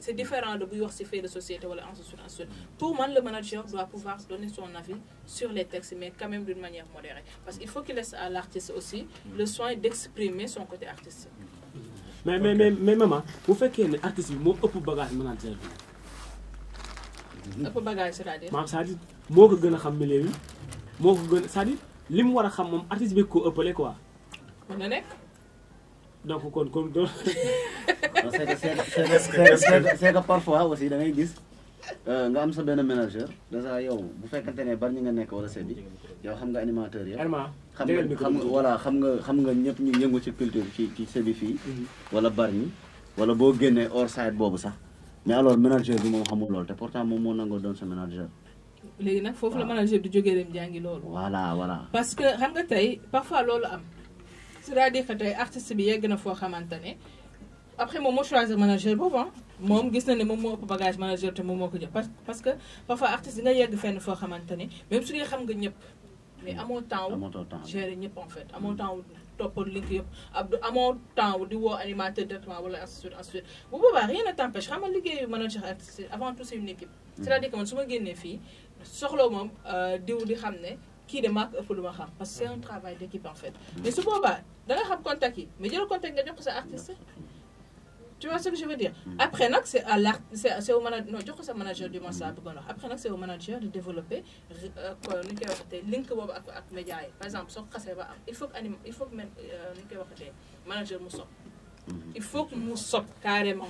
c'est différent de ce wax si fait de société en société pour moi, le manager doit pouvoir donner son avis sur les textes mais quand même d'une manière modérée parce qu'il faut qu'il laisse à l'artiste aussi le soin d'exprimer son côté artiste. mais mais mais maman vous faites qu'un artiste bi peu ëpp bagage manager ëpp bagage c'est-à-dire. maam cest à moo ko gën a xam milieu bi moo ko gën c'est-à-dire li mu war a xam moom artiste bi ko ëppale quoi. mën na nekk. donc kon kon. <laughs> non c'est que c'est que parfois da ngay gis euh, nga am sa benn manager déjà yow bu fekkante ne bari ñu nga nekk wala sebi yow xam nga animateur yi. xam nga xam nga xam nga xam ñëpp ñu yëngu ci culture ci ci sebi fii. Mhm. wala bari ñi wala boo génnee hors site boobu sax. mais alors manager bi moom xamul loolu te pourtant moom moo nangoo doon sa manager. léegi nag foofu la manager di jógee dem jàngi loolu. voilà voilà. parce que xam nga tey parfois loolu am c'est-à-dire que tey artiste bi yegg na foo xamante ne après moom moo choisir manager boobu ah. moom gis na ne moom moo ëpp bagage manager te moom moo ko jël parce que parfois artiste dina yegg fenn foo xamante ne même su dee xam nga ñëpp mais hmm. amoo temps amoo temps gérer ñëpp en fait amoo hmm. temps toppoon link yëpp ab temps di wo animateur directement wala ainsi de suite ainsi de suite bu boobaa rien ne t'empêche xam liguey liggéey manager avant tout c'est une équipe mm. c'est-à-dire que man suma guenné fi soxlo mom euh, moom diw di xam ne de maa ko ëpp lu xam parce que c'est un mm. travail d'équipe en fait mais su boobaa da nga xam contact yi mais jël contact nga jox ko sa artiste tu vois ce que je veux dire mm. après nag c'est à l'art c'est au manager non jox ko sa manager du moins ça après nag c'est au manager de développer euh, quoi ñu koy waxatee link boobu ak ak média par exemple soo xasee ba am il faut que anim il faut que même euh, nu ñu manager mu sopp il faut que nous sommes carrément,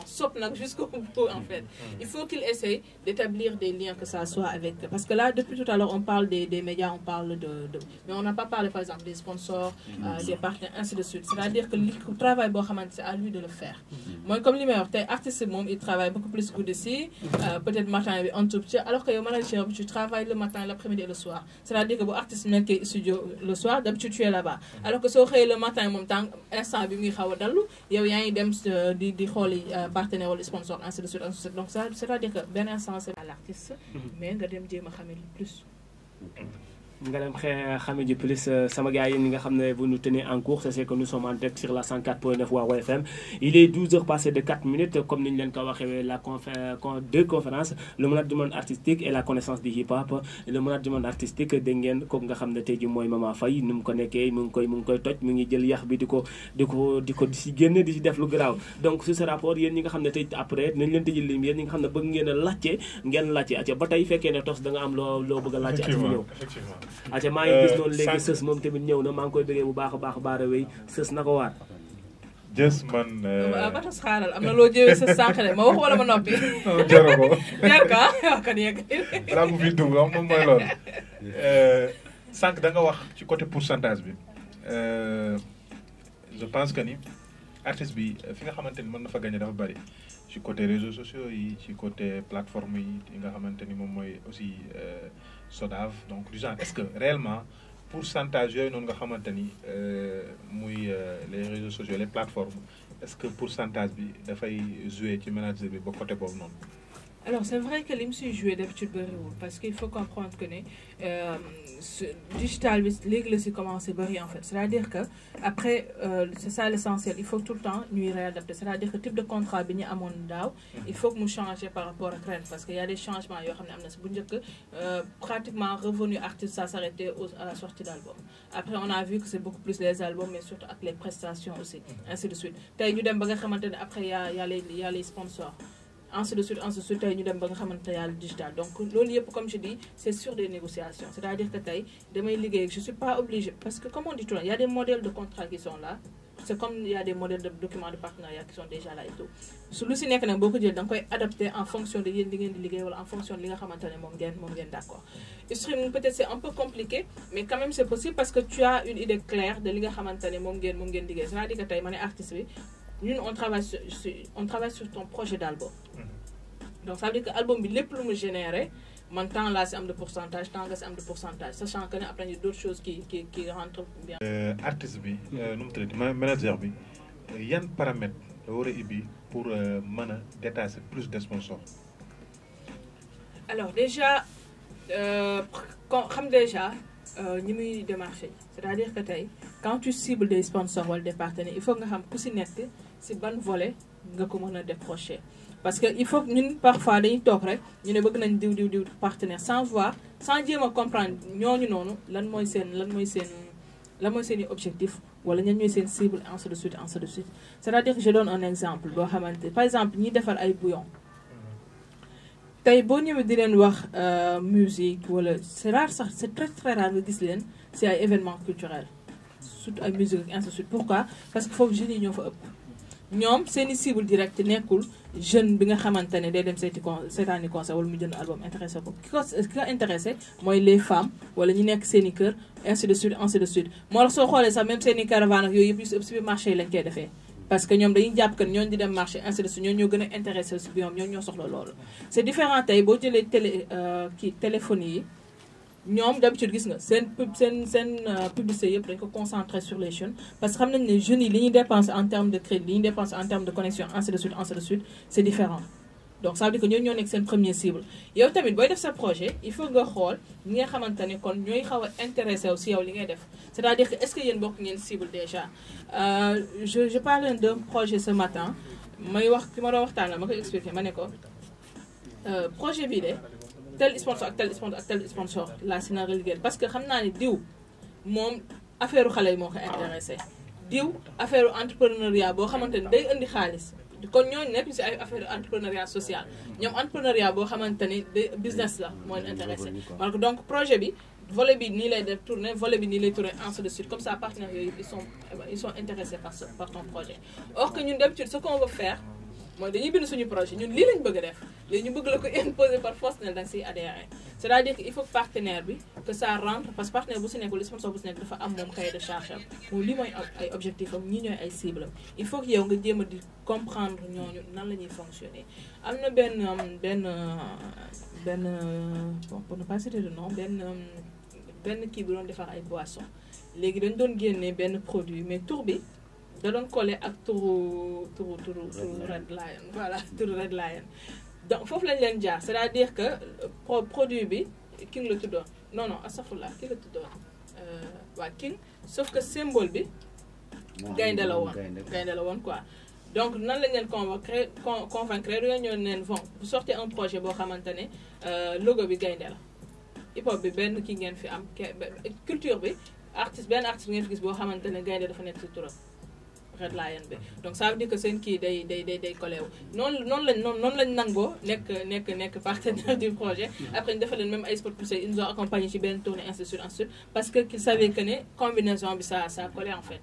jusqu'au <laughs> bout en fait. Mm-hmm. Il faut qu'il essaye d'établir des liens que ça soit avec. Parce que là, depuis tout à l'heure, on parle des, médias, on parle de, mais on n'a pas parlé par exemple des sponsors, mm-hmm. euh, des partenaires, ainsi de suite. C'est-à-dire que le travail, c'est à lui de le faire. Mm-hmm. Moi, comme les artiste artistes, il travaille beaucoup plus que d'ici, euh, peut-être matin un tout petit, alors que le manager, tu travailles le matin, l'après-midi et le soir. C'est-à-dire que artiste sont que studio le soir, d'habitude tu es là-bas. Alors que si le matin, en même temps, instant, il y a coréens yi dem euh, di di xooli euh, partenaire wala sponsor ainsi de suite ainsi de suite donc ça c'est-à-dire que bien instant c'est à l'artiste mhm. mais nga dem jéem a xamee plus nga dem xamé ji plus euh, sama gars yi ñi nga xamné vous nous tenez en cours c'est que nous sommes en direct sur la 104.9 wa FM il est 12 heures passées de 4 minutes comme niñ ñu leen ko waxé la conférence euh, deux conférences le management artistique et la connaissance du hip hop le management artistique de ngeen ko nga xamné ne tey ji mooy Mama fay ni ko nekké mu ngi koy mu ngi koy toj mu ngi jël yax bi diko diko diko di ko di di def lu garaaw donc ce rapport yéen ñi nga xamné ne après nañ leen tëjil lim yéen ñi nga xamné ne bëgg ngeen a laajte ngeen laajte ba tay fekkee né tos da nga am lo lo bëgg a laajte ñew effectivement aca maa ngi gis noonu léegi euh, sës moom tamit ñëw na maa ngi koy bëggee bu baax a baax baara wéy sës na ko waar jës man. waaw euh, ah, ba tas am na loo jëwee sa sànq de ma wax wala ma <laughs> <laughs> ah, <laughs> moom mooy loolu. Euh, sànq wax ci côté pourcentage bi je pense que ni artiste bi fi nga xamante ni mën na fa gagné dafa bari ci côté réseaux sociaux yi ci côté plateforme yi nga xamante ni moom mooy aussi. SODAV donc du est-ce que réellement pourcentage yooyu nga euh, euh, les réseaux sociaux les plateformes est-ce que pourcentage il faut jouer ci manager bi ba côté boobu noonu. Alors, c'est vrai que l'IMSU joué, d'habitude parce qu'il faut comprendre que euh, ce digital, l'église c'est comment c'est en fait. C'est-à-dire que, après, euh, c'est ça l'essentiel, il faut tout le temps nous réadapter. C'est-à-dire que le type de contrat béni à il faut que nous changions par rapport à Crène parce qu'il y a des changements. que euh, pratiquement, revenu artiste, ça s'arrêtait à la sortie d'album. Après, on a vu que c'est beaucoup plus les albums, mais surtout avec les prestations aussi, ainsi de suite. Après, il y a, il y a les sponsors ainsi de suite ainsi de suite nous ñu dem ba nga digital donc loolu comme je dis c'est sur des négociations c'est à dire que tey damay liggéey je suis pas obligé parce que comme on dit il y' a des modèles de contrats qui sont là c'est comme il y' a des modèles de documents de partenariat qui sont déjà là et tout sous le signe nekk nag beaucoup ko adapté en fonction de yéen li en fonction de li nga xamante ne moom d'accord moom peut être c'est un peu compliqué mais quand même c'est possible parce que tu as une idée claire de li nga xamante ne moom c'est à dire que tey ma artiste nous on travaille sur on travaille sur ton projet d'album mhm. donc ça veut dire que album bi plus plus généré Maintenant temps là, c'est de pourcentage tant que c'est un de pourcentage sachant qu'il y a plein d'autres choses qui qui rentrent bien. Euh, artiste bi euh, nous mu tuddati manager bi paramètres un paramètre pour euh, mën détacher plus de sponsors. alors déjà quand déjà nous de marché c'est-à-dire que quand tu cibles des sponsors ou des partenaires il faut que tu ku si ban volet nga ko mën a parce que il faut ñun parfois dañuy toog rek ñu ne bëgg nañ diw diw diw partenaire sans voir sans jéem a comprendre ñooñu noonu lan mooy seen lan mooy seen lan mooy seen objectif wala ñan ñooy seen cible en de suite en de suite c'est-à-dire que je donne un exemple boo xamante par exemple ñiy defar ay bouillon tey boo ñëwee di leen wax euh, musique wala c'est rare sax c'est très très rare nga gis leen si ay événement culturel surtout ay musique ainsi de suite pourquoi parce que foofu jeunes yi ñoo fa ëpp ñoom seen i cible direct nekkul jeune bi nga xamante ne day dem seeti con seetaani conseil wala mu jënd album intéressé ko ki ko ki ko intéressé mooy les femmes wala ñi nekk seen i kër ainsi de suite ainsi de suite moo tax soo xoolee sax même seen i caravane ak yooyu yëpp yu si ëpp supermarché yi lañ koy defee parce que ñoom dañuy jàpp que ñoo di dem marché ainsi de suite ñooñu ñoo gën a intéressé si bi ñoom ñoo soxla loolu c'est différent tey boo jëlee télé euh, kii téléphones yi ñoom d'habitude gis nga sen pub sen euh, publicité dañ concentrer sur les jeunes parce que les jeunes yi li ñuy en termes de crédit li ñuy dépense en termes de connexion ainsi de suite ainsi de suite c'est différent donc ça veut dire que nous ñoo nekk seen premier cible yow tamit booy def sa projet il faut nga xool ñi nga xamante ni kon ñooy xaw intéressé aussi yow li c'est-à-dire est-ce que yéen bokk ngeen cible déjà euh, je je parlais d'un projet ce matin may wax ki expliquer. ma euh, projet vidéo tel sponsor ak tel sponsor ak tel sponsor laa si nar a parce que xam naa ne diw moom affaire xale yi moo ko intéressé diw affaire entrepreneuriat boo xamante ne day indi xaalis kon ñooñu nekk si ay affaire entrepreneuriat social ñoom entrepreneuriat boo xamante ni day business la moo intéressé parce que donc projet bi volet bi nii lay def tourner volet bi nii lay tourner en de suite comme ça partenaires yooyu ils sont ils sont intéressés par par ton projet or que ñun d'habitude ce qu'on veut faire mooy dañuy bind suñu projet ñun lii lañ bëgg def léegi ñu bëgg la ko <laughs> imposer par force ne da nga siy adhéré c' est à dire que il faut partenaire bi que ça rentre parce que partenaire bu si li sponsor bu si nekk dafa am moom cahier de charge am moom lii mooy ay objectif am ñii ñooy ay cible am il faut que yow nga jéem a di comprendre ñooñu nan la ñuy fonctionner am na benn benn benn bon pour ne pas citer de nom benn benn kii bi doon defar ay boissons léegi dañ doon génnee benn produit mais tur bi da doon collé ak turu turu turu turu Red Lion voilà <laughs> turu Red Lion donc foofu lañ leen jaar c'est-à-dire que produit bi King la tuddoon non non astafurlah ki la tuddoon euh, waa King sauf que symbole bi gaynde la woon gaynde la woon quoi donc nan lañ leen convaincre convaincre réunion neen bon vous sortez un projet boo xamante ne euh, logo bi gaynde la hip hop bi benn ki ngeen fi am culture bi artiste benn artiste ngeen fi gis boo xamante ne gaynde dafa nekk ci turam red lion donc ça veut dire que seen kii day day day non collé non non non non partenaire du projet après même ils nous ont accompagné ainsi parce que qu'ils savaient que combinaison bi ça ça en fait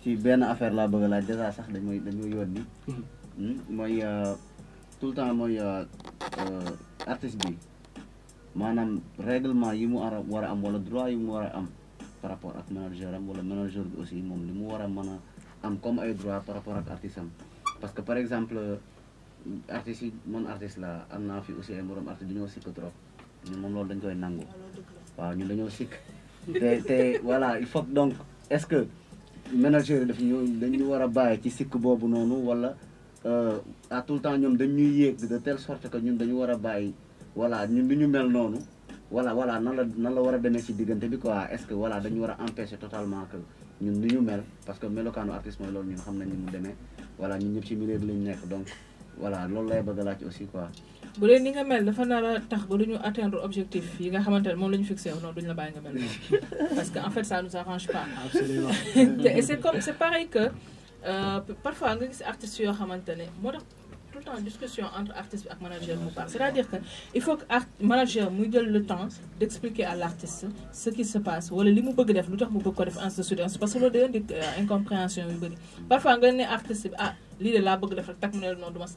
ci benn affaire laa bëgg laaj dèjà sax dañ moy dañ mooy yónni euh, mooy tout le temps mooy euh, euh, artiste bi maanaam règlement yi mu war a am wala droit yi mu war a am par rapport ak manager am wala manager bi aussi moom li mu war a mën a am comme ay droit par rapport ak artiste am parce que par exemple artiste yi man artiste la am naa fi aussi ay morom artiste dañoo sikk trop ñu moom loolu dañ koy nangu ah, waaw ñun dañoo sikk <laughs> te te voilà il faut donc est-ce que ménageurs yi daf ñu dañu war a bàyyi ci sikk boobu noonu wala euh, à tout le temps ñoom dañ ñuy yéeg de telle sorte que ñun dañu war a bàyyi voilà ñun du ñu mel noonu voilà voilà nan la nan la war a demee ci diggante bi quoi est-ce que voilà dañu war a empêcher totalement que ñun ni ñu mel parce que melokaanu artiste mooy loolu ñun xam nañ ni mu demee voilà ñun ñëpp ci milieu bi lañ nekk donc voilà loolu lay bëgg a laaj aussi quoi bu dee ni nga mel dafa nar a tax ba du atteindre objectif yi nga xamante ne moom la ñu fixé non duñ la bàyyi nga mel <laughs> parce que en fait ça nous arrange pas. absolument <laughs> et c' est comme c' est pareil que euh, parfois nga gis artistes yoo xamante ne moo tax tout le temps discussion entre artiste bi ak manager mu baax c' est à dire que il faut que art manager muy jël le temps d' expliquer à l' artiste ce qui se passe wala li mu bëgg def lu tax mu bëgg ko def en de suite parce que loolu da indi euh, incompréhension yu bëri parfois nga ne artiste bi ah lii de laa bëgg def rek tak mu ne non du ma si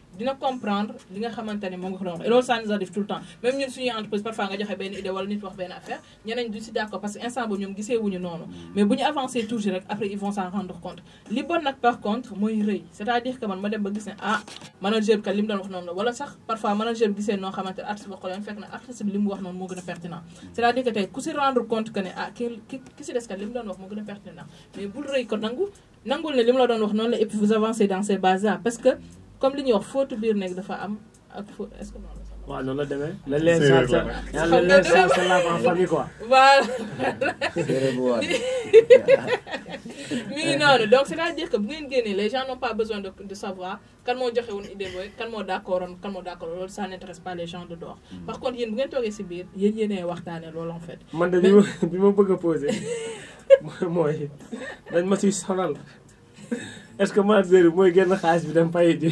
dina comprendre li nga xamante ne moom nga ko doon wax et loolu ça nous arrive tout le temps même ñun suñuy entreprise parfois nga joxe benn idée wala nit wax benn affaire ñeneen du si d'accord parce que instant boobu ñoom gisee wuñu noonu mm. mais bu ñu avancé toujours rek après ils vont s'en rendre compte li bon nag par contre mooy rëy c'est-à-dire que man ma dem ba gis ne ah manager bi kat li mu doon wax noonu la wala sax parfois manager bi gisee noo xamante ne artiste ba ko leen fekk na artiste bi li mu wax noonu moo gën a pertinent mm. c'est-à-dire que tey ku si rendre compte que ne ah ki ki si des kat li mu doon wax moo gën a pertinent mais bul rëy ko nangu nangul ne li mu la doon wax noonu la et puis vous avancez dans ces bases là parce que comme li ñuy wax fóotu biir nekk dafa am ak fóot est ce que noonu la. waaw noonu la demee. la leen sa sa la leen sa sa la en famille quoi. <laughs> voilà. <laughs> mi ngi noonu donc c' est à dire que bu ngeen génnee les gens n' ont pas besoin de de savoir kan moo joxe woon idée booy kan moo d' accord woon kan moo d' accord loolu ça n' intéresse pas les gens de dehors. Hmm. par contre yéen bu ngeen toogee si biir yéen yéenee waxtaanee loolu en fait. man de bi ma bi ma bëgg a posé <laughs> mooy dañ ma siy sonal est ce que manager bi mooy génn xaalis bi dem fay ji.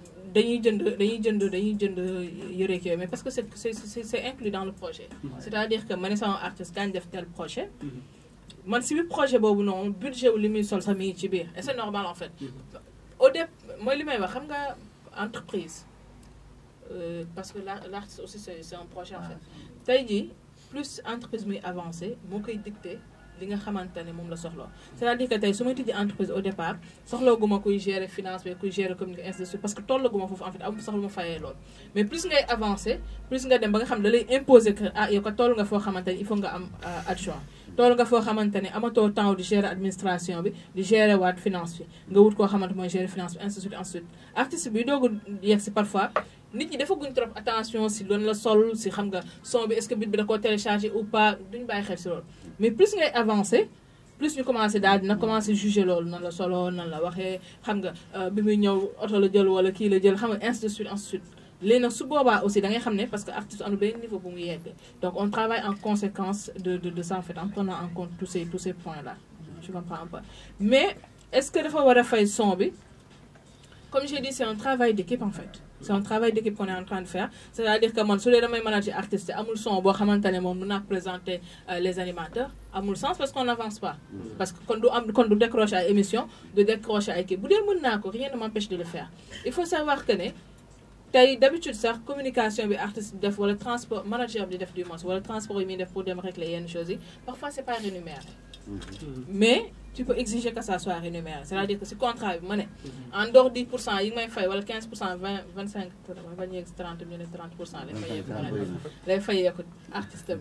dañuy jënd dañuy jënd dañuy jënd yëreeg yooyu mais parce que c'est c'est c'est inclus dans le projet c'est-à-dire que ma ne sama artiste kañ def tel projet mm-hmm. man si le projet boobu noonu budget wu li muy sol sax mi ngi ci biir et c'est normal en fait mm-hmm. au dé mooy li may wax xam nga entreprise Euh, parce que l'artiste aussi c'est un projet en fait tey jii plus entreprise muy avancé moo koy dicté li nga xamante ne moom la soxla c'est-à-dire que tey su may tijji entreprise au départ soxla kuy gérer finance bi kuy gérer communication ainsi parce que tollagu ma foofu en fait am sax lu ma fayee lool mais plus ngay avancer plus nga dem ba nga xam ne lay imposer que ah yow ko toll nga foo xamante ne il faut nga am euh, adjoint tool nga foo xamante ne amatoo temps di gérer administration bi di gérer waat finance bi nga wut koo xamante mooy gérer finance bi ainsi de suite ainsi de suite artiste bi doogu yegg si parfois nit ñi defaguñ trop attention si loolu la sol si xam nga son bi est-ce que bit bi da koo téléchargé ou pas duñ bàyyi xel si loolu mais plus ngay avancé plus ñu commencé daal dina commencé juger loolu nan la solo nan la waxee xam nga euh, bi muy ñëw oto la jël wala kii la jël xam nga ainsi de suite ainsi de suite léegi nag su boobaa aussi da ngay xam parce que artiste amul benn niveau bu mu yegg donc on travaille en conséquence de de de ça en fait en prenant en compte tous ces tous ces points là tu comprends pas mais est-ce que dafa war a fay son bi comme j'ai dit c'est un travail d'équipe en fait c'est un travail d'équipe qu'on est en train de faire c'est-à-dire que si si dee damay manager artiste son boo de présenter euh, les animateurs amul sens parce qu'on n'avance pas mm-hmm. parce que quand on am à l'émission, décrocher décroche émission l'équipe. décrocher rien ne m'empêche de le faire il faut savoir que d'habitude sax communication bi artiste def wala transport manager bi def du moins wala transport yi def pour dem régler yenn choses parfois c'est pas rémunéré mm-hmm. mais tu peux exiger que ça soit rémunéré c'est-à-dire que si contrat bi en dehors 10 il cent 15 20 25 bañ yegg 30 ñu ne 30 pour cent lay fayeeku artiste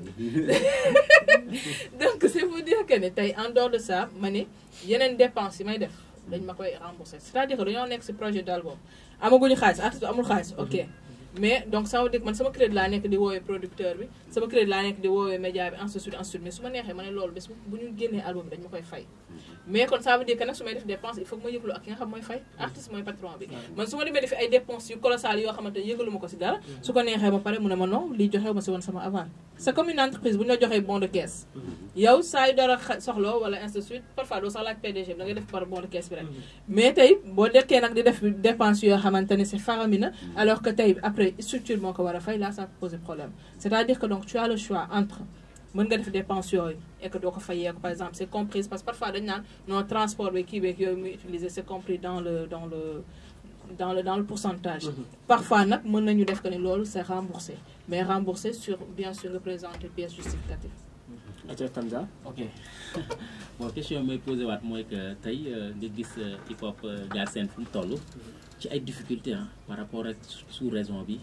<laughs> donc c'est vous dire qu'en ne en dehors de ça ma ne yeneen dépenses yi may def dañ ma rembourser c'est-à-dire que dañoo nekk si projet d'album amaguñu xaalis artiste amul xaalis ok mais donc ça veut dire man sama crédit laa nekk di woowee producteur bi sama crédit laa nekk di woowee média bi en de suite ainsi suite mais su ma neexee ma ne loolu bés bu ñu génnee album bi dañ ma koy fay mais quand ça veut dire que nag su may dépenses il faut que moi yëglu ak ki nga xam mooy fay mm. artiste mooy patron bi mm. man su ma demee defi ay dépenses yu colossales ça xamante ne yëgalu ma ko si dara mm. su ko neexee ba pare mu ne non lii joxew ma si sama avant c'est comme une entreprise vous n'avez pas bon de caisse yow saa yu dara soxla wala ainsi de suite parfois dans sax PDG bi da ngay def par bon de caisse mais tey boo dekkee nag di def dépenses yoo xamante ne c'est faramine alors que tey après structure comme ko a fay là ça pose problème c'est-à-dire que donc tu as le choix entre mën nga def dépense yooyu et que doo ko fayeeku par exemple c' est compris parce que parfois dañu naan non transport bi kii beeg yooyu muy utiliser c' est compris dans le dans le dans le dans le pourcentage. Mm-hmm. parfois nag mën nañu def que ni loolu c' est remboursé mais remboursé sur bien sûr nga présenter pièce justificative. Mm-hmm. Aja Tamza. ok <laughs> bon question may posé waat mooy que tey euh, nga gis euh, hip hop euh, gars fu mu toll ci ay difficultés ah par rapport ak sous raison bi.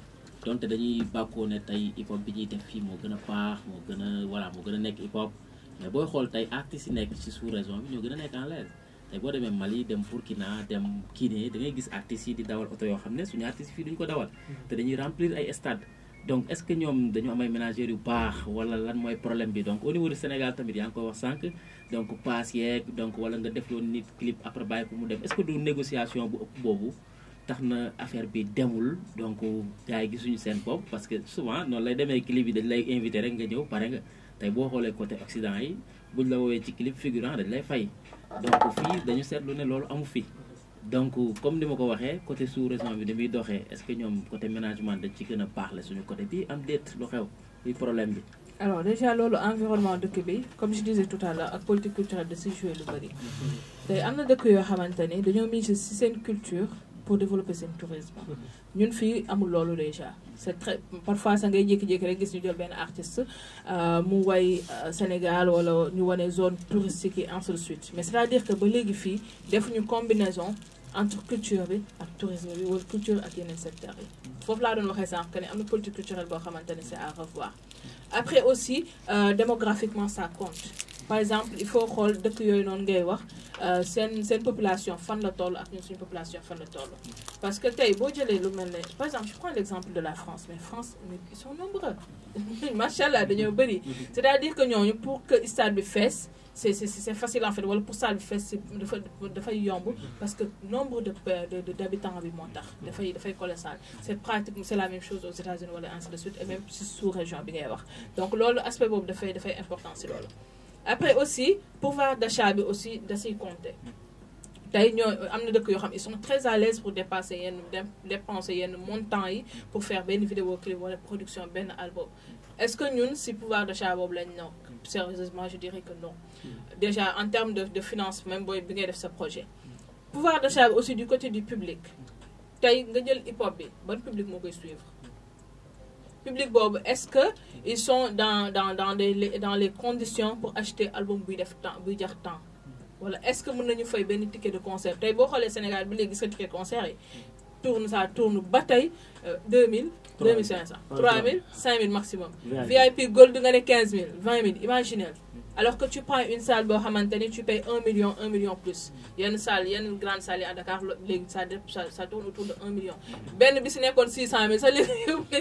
donte dañuy bàkkoo ne tey hip hop bi ñuy def fii moo gën a paax moo gën a voilà moo gën a nekk hip hop mais booy xool tey artistes yi nekk ci sous région bi ñoo gën a nekk en l'aise tey boo demee Mali dem Burkina dem Guinée da ngay gis artistes yi di dawal oto yoo xam ne suñu artistes fii duñ ko dawal mm-hmm. te dañuy remplir ay stade donc est ce que ñoom dañu am ay ménagères yu baax wala lan mooy problème bi donc au niveau du Sénégal tamit yaa ngi koy wax sànq donc paas yeeg donc wala nga def loon nit clip après bàyyi ko mu dem est ce que du négociation bu ëpp boobu tax na affaire bi demul donc gars yi gisuñu seen bopp parce que souvent noonu lay demee clip yi dañ lay invité rek nga ñëw pare nga tey boo xoolee côté accident yi buñ la woowee ci clip figurant dañ lay fay donc fii dañu seetlu ne loolu amu fi donc comme ni ma ko waxee côté sous-région bi ni muy doxee est-ce que ñoom côté management dañ ci gën a baax la suñu côté bi am déet lu xew luy problème bi. alors déjà loolu environnement dëkk bi comme je disais tout à l'heure ak politique culturelle de si jouer lu bëri tey am na dëkk yoo xamante ne dañoo mis ci seen culture pour développer son tourisme ñun fii amul loolu déjà c'est très parfois sa ngay jékki-jékki rek gis ñu jël benn artiste euh, mu way euh, Sénégal wala ñu wane zone touristique yi ainsi de suite mais c' est à dire que ba léegi fii defuñu combinaison entre culture et ak tourisme bi culture ak yeneen secteur yi foofu laa doon waxee sànq que ne am na politique culturelle boo xamante ne à revoir après aussi euh, démographiquement ça compte par exemple il faut xool dëkk yooyu noonu ngay wax euh, seen seen population fan la toll ak ñun suñu population fan la toll parce que tey boo jëlee lu mel ne par exemple je prends l' exemple de la France mais France mais ils sont nombreux <laughs> macha allah dañoo bëri mhm. c' est à dire que ñooñu pour que stade bi fees c' est c' est facile en fait wala pour stade bi fees dafa dafay yomb mhm. parce que nombre de de d' habitants bi moo tax dafay dafay colossal cette pratique c' est la même chose aux États-Unis wala ainsi de suite et même si sous région bi ngay wax donc loolu aspect boobu dafay dafay important si loolu après aussi pouvoir d'achat aussi d'assez compter ils sont très à l'aise pour dépasser yenn dépenser yenn montant pour faire bénéficier vidéo clip la production benn album est-ce que ñun si pouvoir d'achat non sérieusement je dirais que non déjà en termes de de finance même boy bi de def projet pouvoir d'achat aussi du côté du public Il nga a hip hop public qui suivre public bob est-ce que ils sont dans dans dans les dans les conditions pour acheter album buy def temps est-ce que nous nañu fay ben ticket de concert tay bo xolé Sénégal bi légui concert tourne ça tourne bataille 2000 2500 3000 5000 maximum VIP gold nga 000, 15000 20000 imaginez alors que tu prends une salle, Ramantani, tu payes 1 million, 1 million plus. Il y a une salle, il y a une grande salle à Dakar, ça, tourne autour de 1 million. Ben, si ce n'est 600, mais ça fait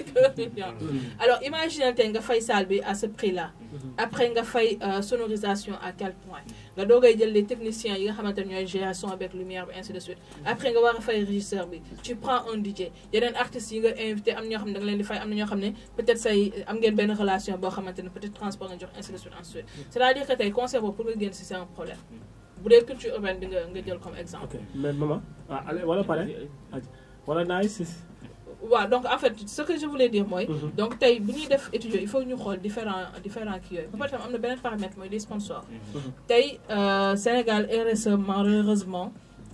que 1 million. Alors, imagine que tu as une salle à ce prix-là. Mm-hmm. Après, tu as une sonorisation à quel point nga doogay jël les techniciens yi nga xamante ne ñooy gération avec lumière bi ainsi de suite après nga war a fay régisseur bi tu prends un DJ yeneen artistes yi nga invité am ñoo xam ne da nga leen di fay am na ñoo xam ne peut-être say am ngeen benn relation boo xamante ne peut-être transport nga jox ainsi de suite ainsi de suite mm. c'est-à-dire que tey concert boobu pour nga génn si c'est un problème bu dee culture urbaine bi nga nga jël comme exemple. ok mais maman ah allez wala pare wala nice waaw donc en fait ce que je voulais dire moi mhm. donc tu as ñuy def il faut ñu xool différents différents qui yooyu. ba pare tam am na paramètre moi les sponsors. Mhm. euh, Sénégal RSE malheureusement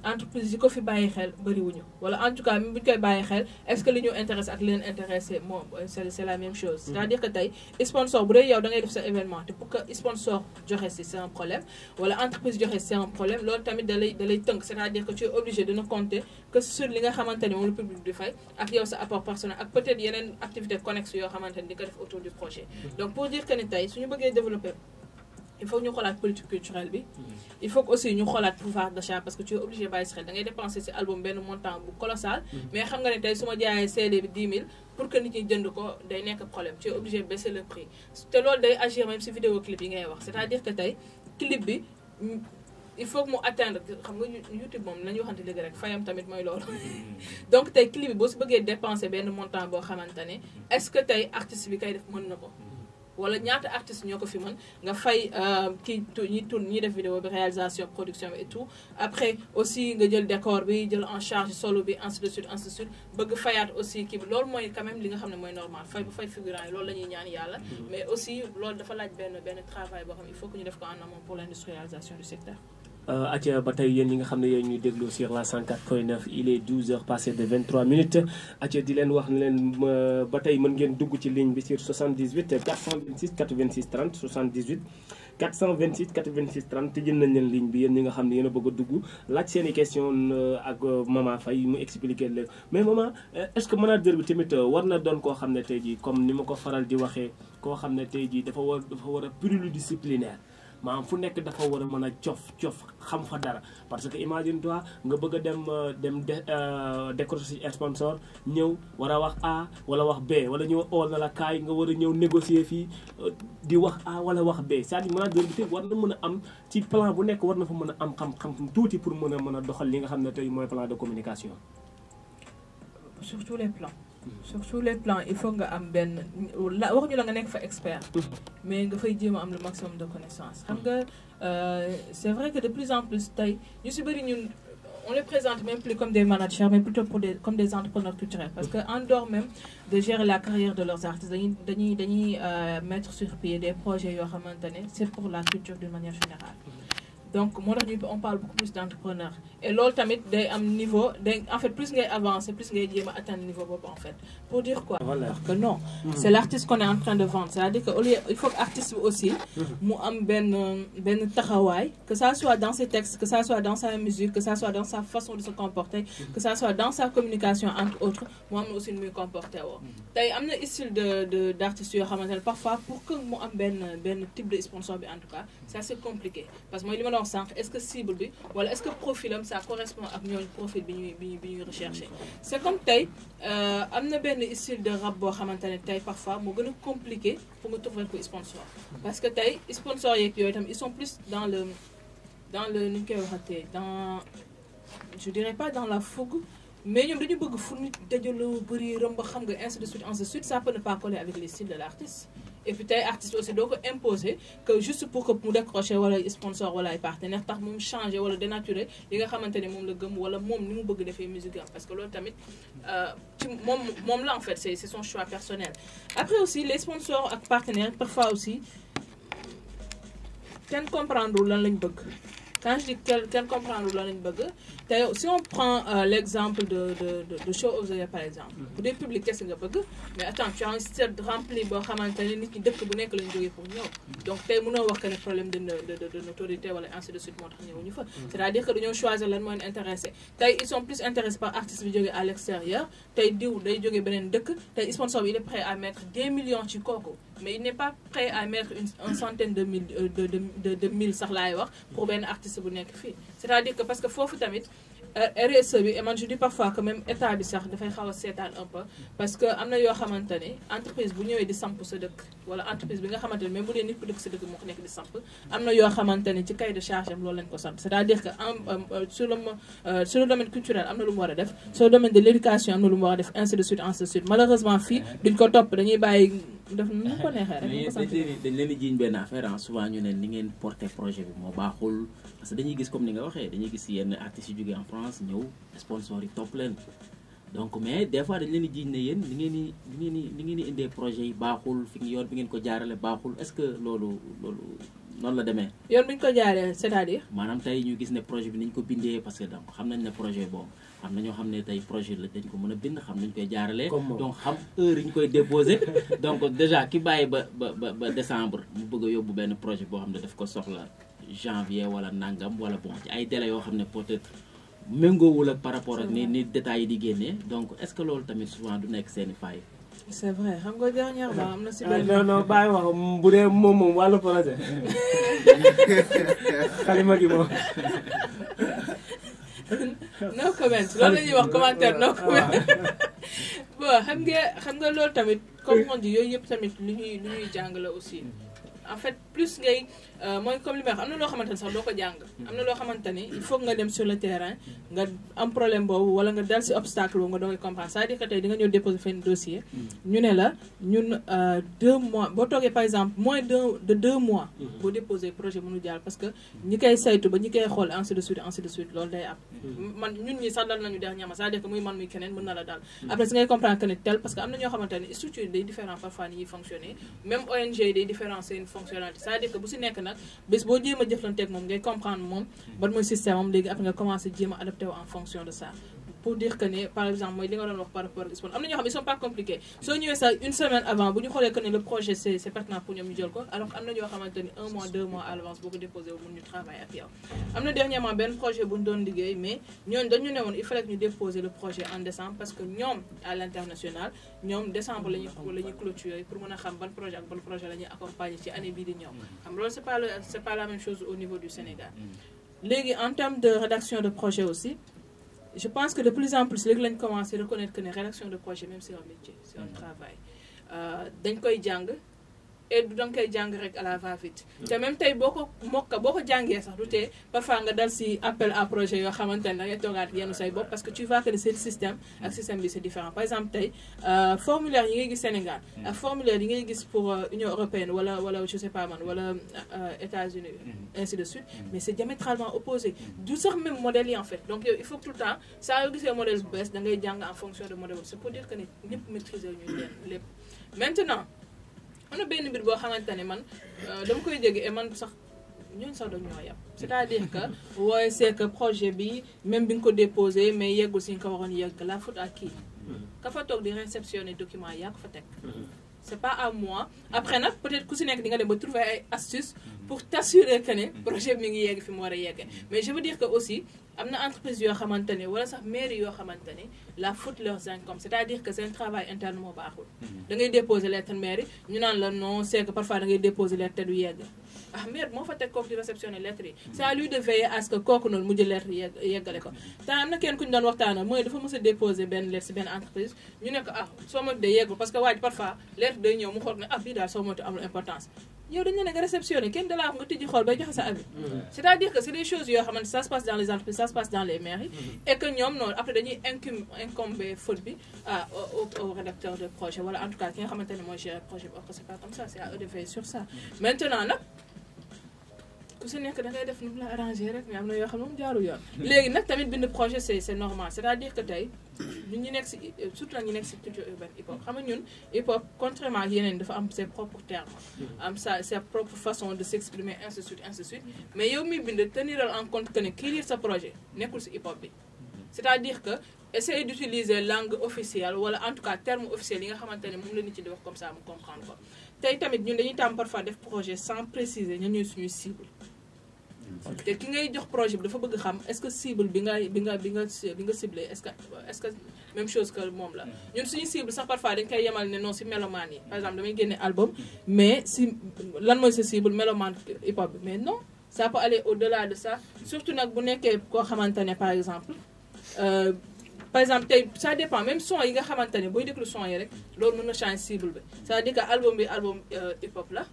entreprise yi ko fi bàyyi xel bëriwuñu wala en tout cas même koy xel est-ce que li ñu intéressé ak li leen intéressé euh, c'est la même chose mm-hmm. c'est-à-dire que tey sponsor bu dee yow da ngay def sa événement te pour que sponsor joxe si c'est un problème wala entreprise joxe si c'est un problème loolu tamit da lay da lay tënk c'est-à-dire que tu es obligé de ne compter que sur li nga xamante ni le public di fay ak yow sa apport personnel ak peut-être yeneen activités connexes yoo xamante ni di ko def autour du projet mm-hmm. donc pour dire que ni tey suñu bëggee développer il faut ñu la politique culturelle il faut que aussi ñu le pouvoir d'achat parce que tu es obligé de si xel da ngay dépenser si album un montant colossal. Mm-hmm. mais xam nga ne tu as ma jaayee CD 10 000 pour que nit ñi jënd ko day problème tu es obligé de baisser le prix C'est ce day agir même si vidéo clip yi ngay wax c'est-à-dire que tey clip bi. il faut que atteindre xam nga YouTube moom nañu waxante léegi rek fayam tamit mooy loolu mm-hmm. donc tey clip bi tu veux dépenser un montant est-ce que es artiste bi kay def wala ñaata artiste ñoo ko fi mën nga fay euh, ki ñi tourne ñi def vidéo bi réalisation production bi et tout après aussi nga jël décor bi jël en charge solo bi ainsi de suite ainsi de suite bëgg fayaat aussi kii bi loolu mooy quand même li nga xam ne mooy normal fay bu fay figurant yi loolu la ñuy ñaan yàlla mm-hmm. mais aussi loolu dafa laaj benn benn travail boo xam il faut que ñu def ko en amont pour l'industrialisation du secteur euh, Atia ba tey yéen ñi nga xam ne ñu déglu sur la 104.9 il est 12 heures passé de 23 minutes Atia di len wax ne leen ba mën ngeen dugg ci ligne bi sur 78 426 86 30 78 426 86 30 tëjël nañ len ligne bi yéen yi nga xam ne bëgg dugg laaj seen question euh, ak euh, maman fay mu expliquer le mais maman est-ce que manager bi tamit war na doon ko xam tay ji comme ni ma ko faral di waxee ko xam tay ji dafa war dafa war pluridisciplinaire maanaam fu nekk dafa war a mën a cof cof xam fa dara parce que imagine toi nga bëgg a dem euh, dem euh, décrocher sponsor ñëw war a wax A wala wax B wala ñëw ool na la kaay nga war a ñëw négocier fii euh, di wax A wala wax B c'est-à-dire manager bi tey war na mën a am ci plan bu nekk war na fa mën a am xam-xam tuuti pour mën a mën a doxal li nga xam ne tey mooy plan de communication. sur tous Surtout tous les plans il faut nga am ben la expert mais nga fay que am le maximum de connaissances euh, c'est vrai que de plus en plus ñu on les présente même plus comme des managers, mais plutôt comme des entrepreneurs culturels. Parce qu'en dehors même de gérer la carrière de leurs artistes, de, euh, mettre sur pied des projets, c'est pour la culture d'une manière générale donc on parle beaucoup plus d'entrepreneurs. et l'autre tamit day am niveau en fait plus ngay avancer plus ngay jéem atteindre niveau en fait pour dire quoi que non mm-hmm. c'est l'artiste qu'on est en train de vendre c'est-à-dire que il faut que l'artiste aussi mm-hmm. mu am Ben que ça soit dans ses textes que ça soit dans sa musique que ça soit dans sa façon de se comporter mm-hmm. que ça soit dans sa communication entre autres mu am aussi mieux comporter Il y a de de d'artiste sur parfois pour que mu am type de sponsor en tout cas c'est assez compliqué parce que mooy est-ce que cible ou est-ce que profil ça correspond à ñooñu profil bi ñuy bi ñuy c'est comme tay euh amna ben style de rap bo xamante tay parfois mo gëna compliqué pour me trouver des sponsor parce que tay sponsor tam ils sont plus dans le dans le ñu koy dans je dirais pas dans la fougue mais ñom dañu bëgg fu nit rap, bëri rëmb xam nga ainsi de suite ainsi de suite ça peut ne pas coller avec les styles de l'artiste et puis être artiste aussi donc imposer que juste pour que vous décrocher les sponsors wala les partenaires par moom changer wala dénaturer li nga xamante ne moom la gëm wala moom ni bëgg musique parce que loolu tamit euh, en fait c'est c'est son choix personnel après aussi les sponsors et partenaires parfois aussi pas comprendre lan lañ bëgg quand je dis qu'elle qu comprend le si on prend euh, l'exemple de, de, de, de, Show of the Year, par exemple, pour mm-hmm. des publics, qu'est-ce que tu Mais attends, tu as un style rempli pour nous, mm-hmm. Donc, tu as un problème de, de, de, notoriété, voilà, ainsi de suite. Mm-hmm. C'est-à-dire que nous choisissons les moins intéressés. Ils sont plus intéressés par artistes qui à l'extérieur. Ils sont sponsor, il est prêt à mettre 10 millions sur Coco mais il n'est pas prêt à mettre une, centaine de mille euh, de de de, mille pour un artiste bu est c'est-à-dire que parce que Fofutamit, tamit. RSE et man je dis parfois que même état bi sax dafay xaw a un peu parce que amna yo yoo entreprise bu ñëwé di samp sa dëkk wala entreprise bi nga xamantene ne même bu dee nit ku dëkk sa dëkk moo ko nekk di samp amna yo xamantene ci cahier de charge am loolu lañ ko samp c'est-à-dire que en sur le sur le domaine culturel amna lu mu wara def sur le domaine de l'éducation amna lu mu wara def ainsi de suite ainsi de suite malheureusement fi duñ ko topp dañuy bàyyi def nu mu ko neexee rek dañ leen di jiiñ benn affaire souvent ñu ne li ngeen porter projet bi moo baaxul parce que dañuy gis comme ni nga waxee dañuy gis yenn artistes yu en France ñëw sponsors yi topp donc mais des fois dañ leen di jiiñ ne yéen li ngeen di li ngeen di li ngeen di indee projet baaxul fi yoon bi ngeen ko jaarale baaxul est-ce que loolu loolu noonu la demee. yoon bi ñu ko jaaree c'est-à-dire. manam tay ñu gis né projet bi niñ ko bindé parce que donc xam nañ ne projet boobu am na ñoo xam ne tey projet la dañ ko mëna bind xam nañ koy jaaralé. donc xam heure yi koy déposé. <laughs> donc déjà ki baye ba ba ba décembre mu bëgg a ben projet bo xam ne daf ko soxla. janvier wala nangam wala bon ci ay délai yo xamné ne peut-être méngoowul ak par rapport ak ni ni détails yi di génnee donc est-ce que lolu tamit souvent du nek seeni fay c'est vrai xam nga dernièrement No na ah, non non bàyyi wax bu projet <laughs> gi no comment loolu la wax commentaire no comment ah. bon xam nga xam nga loolu tamit comme on dit yooyu yëpp tamit ñuy ñuy aussi en fait plus ngay euh, mooy comme li may wax am na loo xamante ne sax doo ko jàng. am na loo xamante ne il faut nga dem sur le terrain nga am problème boobu wala nga dal si obstacle boobu nga doog comprendre c'est-à-dire que tey di nga ñëw déposer fenn dossier. ñu ne la ñun euh, deux mois boo toogee par exemple moins de de deux mois. boo déposer projet mënu jàll parce que ñi koy saytu ba ñi koy xool ainsi de suite ainsi de suite loolu day am. man ñun ñi sax dal nañu dernièrement c'est-à-dire que muy man muy keneen mën na la dal. après si ngay comprendre que ne tel parce que am na ñoo xamante ne structure day différent parfois ni ñuy fonctionner même ONG day différent seen fonctionnalité c'est-à-dire que bu si nekk nag bés boo jéem a jëflanteeg moom ngay comprendre moom ban mooy système am léegi après nga commencé jéem a adapté wu en fonction de ça pour dire que par exemple moi li nga doon wax par rapport à sponsor am na xam ne ils sont pas compliqués soo ñëwee ça une semaine avant vous nous que le projet c'est c'est pertinent pour nous ñu jël quoi alors am na ñoo un mois deux mois à l'avance pour déposer au déposé wu travail ak yow. dernièrement ben projet vous donne doon liggéey mais ñooñu dañu ne il fallait que ñu déposer le projet en décembre parce que nous à l'international nous décembre pour les clôturer pour mon a xam projet ak ban projet l'année accompagner ci année bii di ñëw pas c'est pas la même chose au niveau du Sénégal mm. léegi en termes de rédaction de projet aussi je pense que de plus en plus les gens commencent à reconnaître que les rédactions de projet même c'est un métier c'est un mm. travail euh, dañ et du danga koy rek à la va vite te même tay boko ko mokka boo ko sax du tee parfois nga dal si appel à projet yo xamante ne dangay toogaat yenn say bop parce que tu vois que le système ak système bi c'est différent par exemple euh, formulaire yi ngay gis Sénégal mm. ak formulaire yi ngay gis pour euh, Union européenne wala wala je sais pas man wala euh, États-Unis mm. ainsi de suite mm. mais c'est diamétralement opposé du sax même modèle yi en fait donc il faut que tout le temps ça yoo gisee modèle bu da ngay jàng en fonction de modèle c'est pour dire que ne ñëpp maîtriser ñu lépp maintenant am na benn mbir boo xamante ne man euh, dama koy dégg et man sax ñun sax dañ ñoo yem c'est-à-dire que wooy c'est que projet bi même bi nga ko déposé mais yeggul si nga ko waroon yegg la faute à qui ka fa toog di réceptionner document yaa ko fa teg mm-hmm c'est pas à moi après peut-être que vous nekk di trouver astuces pour t'assurer que le projet mingi ngi mais je veux dire que aussi amna entreprise yo xamante wala sax mairie yo la faute leurs incomes. c'est-à-dire que c'est un travail interne mo baaxul hmm. da ngay déposer lettre mairie ñu naan la non c'est que parfois da ngay déposer lettre du Ahmed moo fa teg kooku di réceptionner lettre yi c'est à lui de veiller à ce que kooku noonu mujj lettre ye yeggale ko te am na kenn ku ñu doon waxtaanal mooy dafa mës a déposer benn lettre si benn entreprise ñu ne ko ah soo moytu day yeggul parce que waa parfois lettre day ñëw mu xool ne ah bii daal soo moytu amul importance yow dañu ne nga réceptionné kenn de la nga tijji xool bay joxe sa avis c'est-à-dire que c'est des choses yoo xamante ça se passe dans les entreprises ça se passe dans les mairies mm-hmm. et que ñoom noonu après dañuy incum incomber faute bi ah, au rédacteur de projet wala en tout cas ki nga xamante ne mooy projet bi que c'est pas comme ça c'est à eux de veiller sur ça mm-hmm. maintenant nag ku si nekk da ngay def nu mu la arrangé rek mais am na yoo xam ne moom jaarul yoon. léegi nag tamit bind projet c' est normal c' est à dire que tey ñun ñu nekk si surtout nag ñu nekk si culture urbaine hip hop xam nga ñun hip hop contrairement ak yeneen dafa am ses propres termes. am sa sa propre façon de s' exprimer ainsi de suite ainsi de suite mais yow mi bind teniral en compte que ne kii sa projet nekkul si hip hop bi. c' est à dire que essayer d' utiliser langue officielle wala en tout cas terme officiel yi nga xamante ne moom la nit ci di wax comme ça mu comprendre ko tey tamit ñun dañuy tàmm parfois def projet sans préciser ñun ñooy suñuy cible te ki ngay jox projet bi dafa bëgg xam est-ce que cible bi nga bi nga bi nga bi nga ciblé est-ce que est-ce que même chose que moom la mhm. ñun suñu cible sax parfois dañ koy yemal ne non si mélomane yi par exemple damay génne album mais si lan mooy sa cible mélomane hip hop mais non ça peut aller au-delà de ça surtout nag bu nekkee koo xamante ne par exemple euh, par exemple tey ça dépend même son yi nga xamante ne booy déglu son yi rek loolu mën na changer cible bi c'est-à-dire que album bi album euh, hip hop la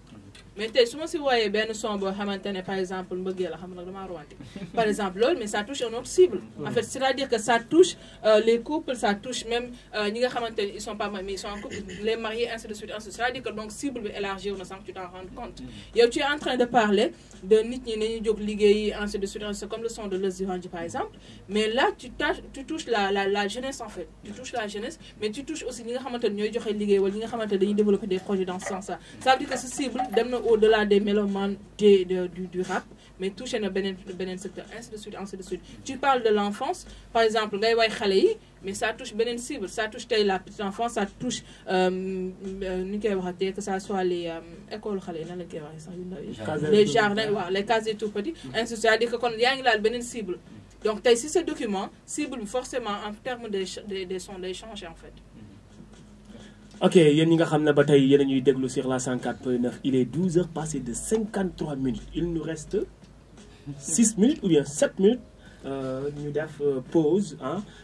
mais tey su ma si wooyee benn son boo xamante ne par exemple mbëggee la xam nag dama rawante <laughs> par exemple loolu mais ça touche un autre cible en fait c'est-à-dire que ça touche euh, les couples ça touche même euh, ñi nga xamante ils sont pas mais ils sont en couple les mariés ainsi de suite ainsi de suite c'est-à-dire que donc cible bi élargir na sens que tu t'en rendes compte mm. yow tu es en train de parler de nit ñi nañu jóg liggéeyi ainsi de suite c'est comme le son de le Divanji par exemple mais là tu touches tu touches la la la jeunesse en fait tu touches la jeunesse mais tu touches aussi ñi nga xamante ne ñooy joxe liggéey wala ñi nga xamante ne développer des projets dans ce sens-là ça veut dire que ce cible dem au-delà des mélomanes du, rap mais touche à un secteur ainsi de suite ainsi de suite tu parles de l'enfance par exemple way mais ça touche beneen cible ça touche à la petite enfance ça touche euh, euh que ça soit les euh, écoles les jardins les cases tout petit mm-hmm. ainsi c'est-à-dire que quand il y a cible donc as si ce document cible forcément en termes de en fait ok yéen nga xamné ba tay ñuy déglu sur la 104.9 il est 12 h passé de 53 minutes il nous reste 6 minutes ou bien 7 minutes euh, ñu def euh, pause hein.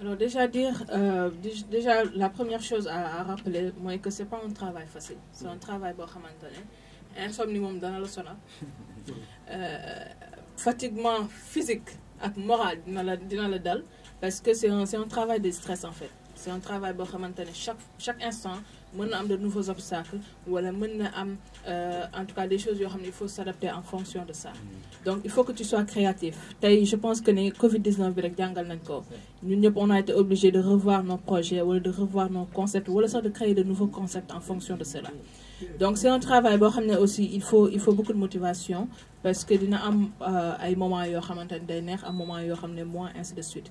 Alors déjà dire, euh, déjà la première chose à, rappeler, moi que c'est pas un travail facile, c'est un travail bon somme insomnie dans dans la <laughs> euh, fatiguement physique et moral dans la parce que c'est un travail de stress en fait c'est un travail pour chaque chaque instant mën y am de nouveaux obstacles wala euh, en tout cas des choses il faut s'adapter en fonction de ça mm. donc il faut que tu sois créatif je pense que ne Covid 19 bi rek jàngal ko on a été obligé de revoir nos projets de revoir nos concepts de créer de nouveaux concepts en fonction de cela donc c'est un travail aussi il faut il faut beaucoup de motivation parce que dina am euh, ay moments yoo xamante ne day neex am moment yoo xam ne moins ainsi de suite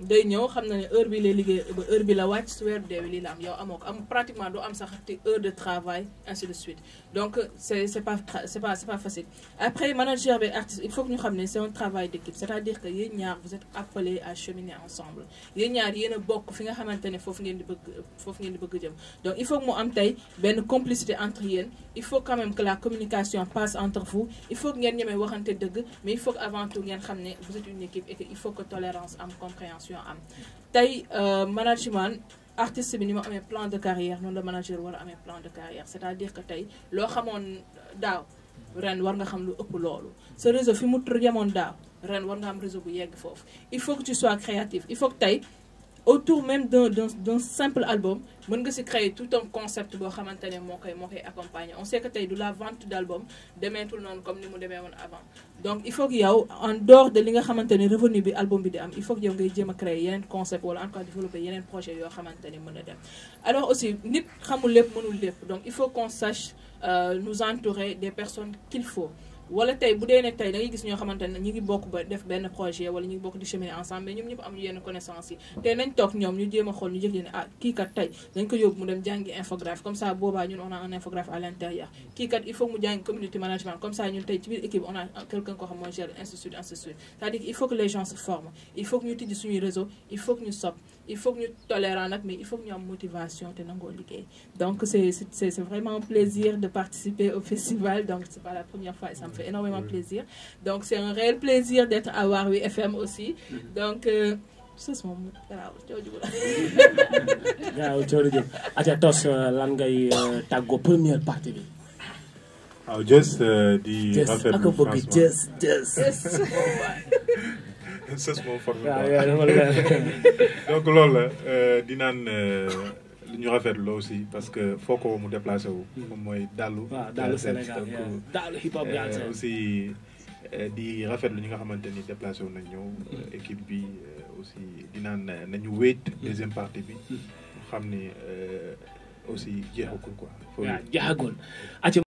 day ñëw xam na ne heure bi lay liggéey ba heure bi la wàcc su weer deewi lii la am yow amoo ko am pratiquement doo am sax te heure de travail ainsi de suite donc c'est c'est pas c'est pas c'est pas facile après manager bi artiste il faut que ñu xam ne c'est un travail d'équipe c'est-à-dire que yéen ñaar vous êtes appelés à cheminer ensemble yéen ñaar yéen a bokk fi nga xamante ne foofu ngeen di bëgg foofu ngeen di bëgg jëm donc il faut que mu am tey benn complicité entre yéen il faut quand même que la communication passe entre vous il faut que ngeen ñemee waxante dëgg mais il faut que avant tout ngeen xam ne vous êtes une équipe et que il faut que tolérance am compréhension évolution am euh, management artiste bi ni ma amé plan de carrière non le manager war à mes plan de carrière c'est-à-dire que tay lo xamone daw ren war nga xam lu ëpp lolu ce réseau fi mu yemoon daaw ren war nga am réseau bu yegg il faut que tu sois créatif il faut que tay autour même d'un simple album mën nga créer tout un concept pour que je on sait que c'est du la vente d'album demain tout comme monde comme nous avant donc il faut que yow en dehors de ce nga revenu bi album bi il faut que yow ngay un créer un concept wala encore développer un projet qui alors aussi nit ne pas donc il faut qu'on sache euh, nous entourer des personnes qu'il faut wala tey bu dee ne tey da ngay gis ñoo xamante ne ñu ngi bokk ba def benn projet wala ñu ngi bokk di cheminer ensemble mais ñoom ñëpp amuñu yenn connaissance yi tey nañ toog ñoom ñu jéem a xool ñu jëf ne ah kii kat tey dañ ko yóbbu mu dem jàngi infographe comme ça boobaa ñun on a un infographe à l'intérieur kii kat il faut mu jàngi community management comme ça ñun tey ci biir équipe on a quelqu'un koo xam mooy gère institut institut c'est-à-dire il faut que les gens se forment il faut que ñu tijji suñuy réseau il faut que ñu sob il faut que nous tolérant mais il faut que nous ayons motivation donc c'est vraiment un plaisir de participer au festival donc c'est pas la première fois et ça me fait énormément plaisir donc c'est un réel plaisir d'être à Warwi FM aussi donc ce moment c'est première partie <laughs> sës moom ah, <laughs> donc loolu la euh, di naan li euh, ñu aussi parce que foo ko mu déplacé wu. Hmm. moom mooy Sénégal hip hop euh, aussi di rafetlu ñi nga xamante ni déplacé wu hmm. équipe bi aussi di naan nañu wéet. Hmm. deuxième partie bi. aussi jeexagul quoi.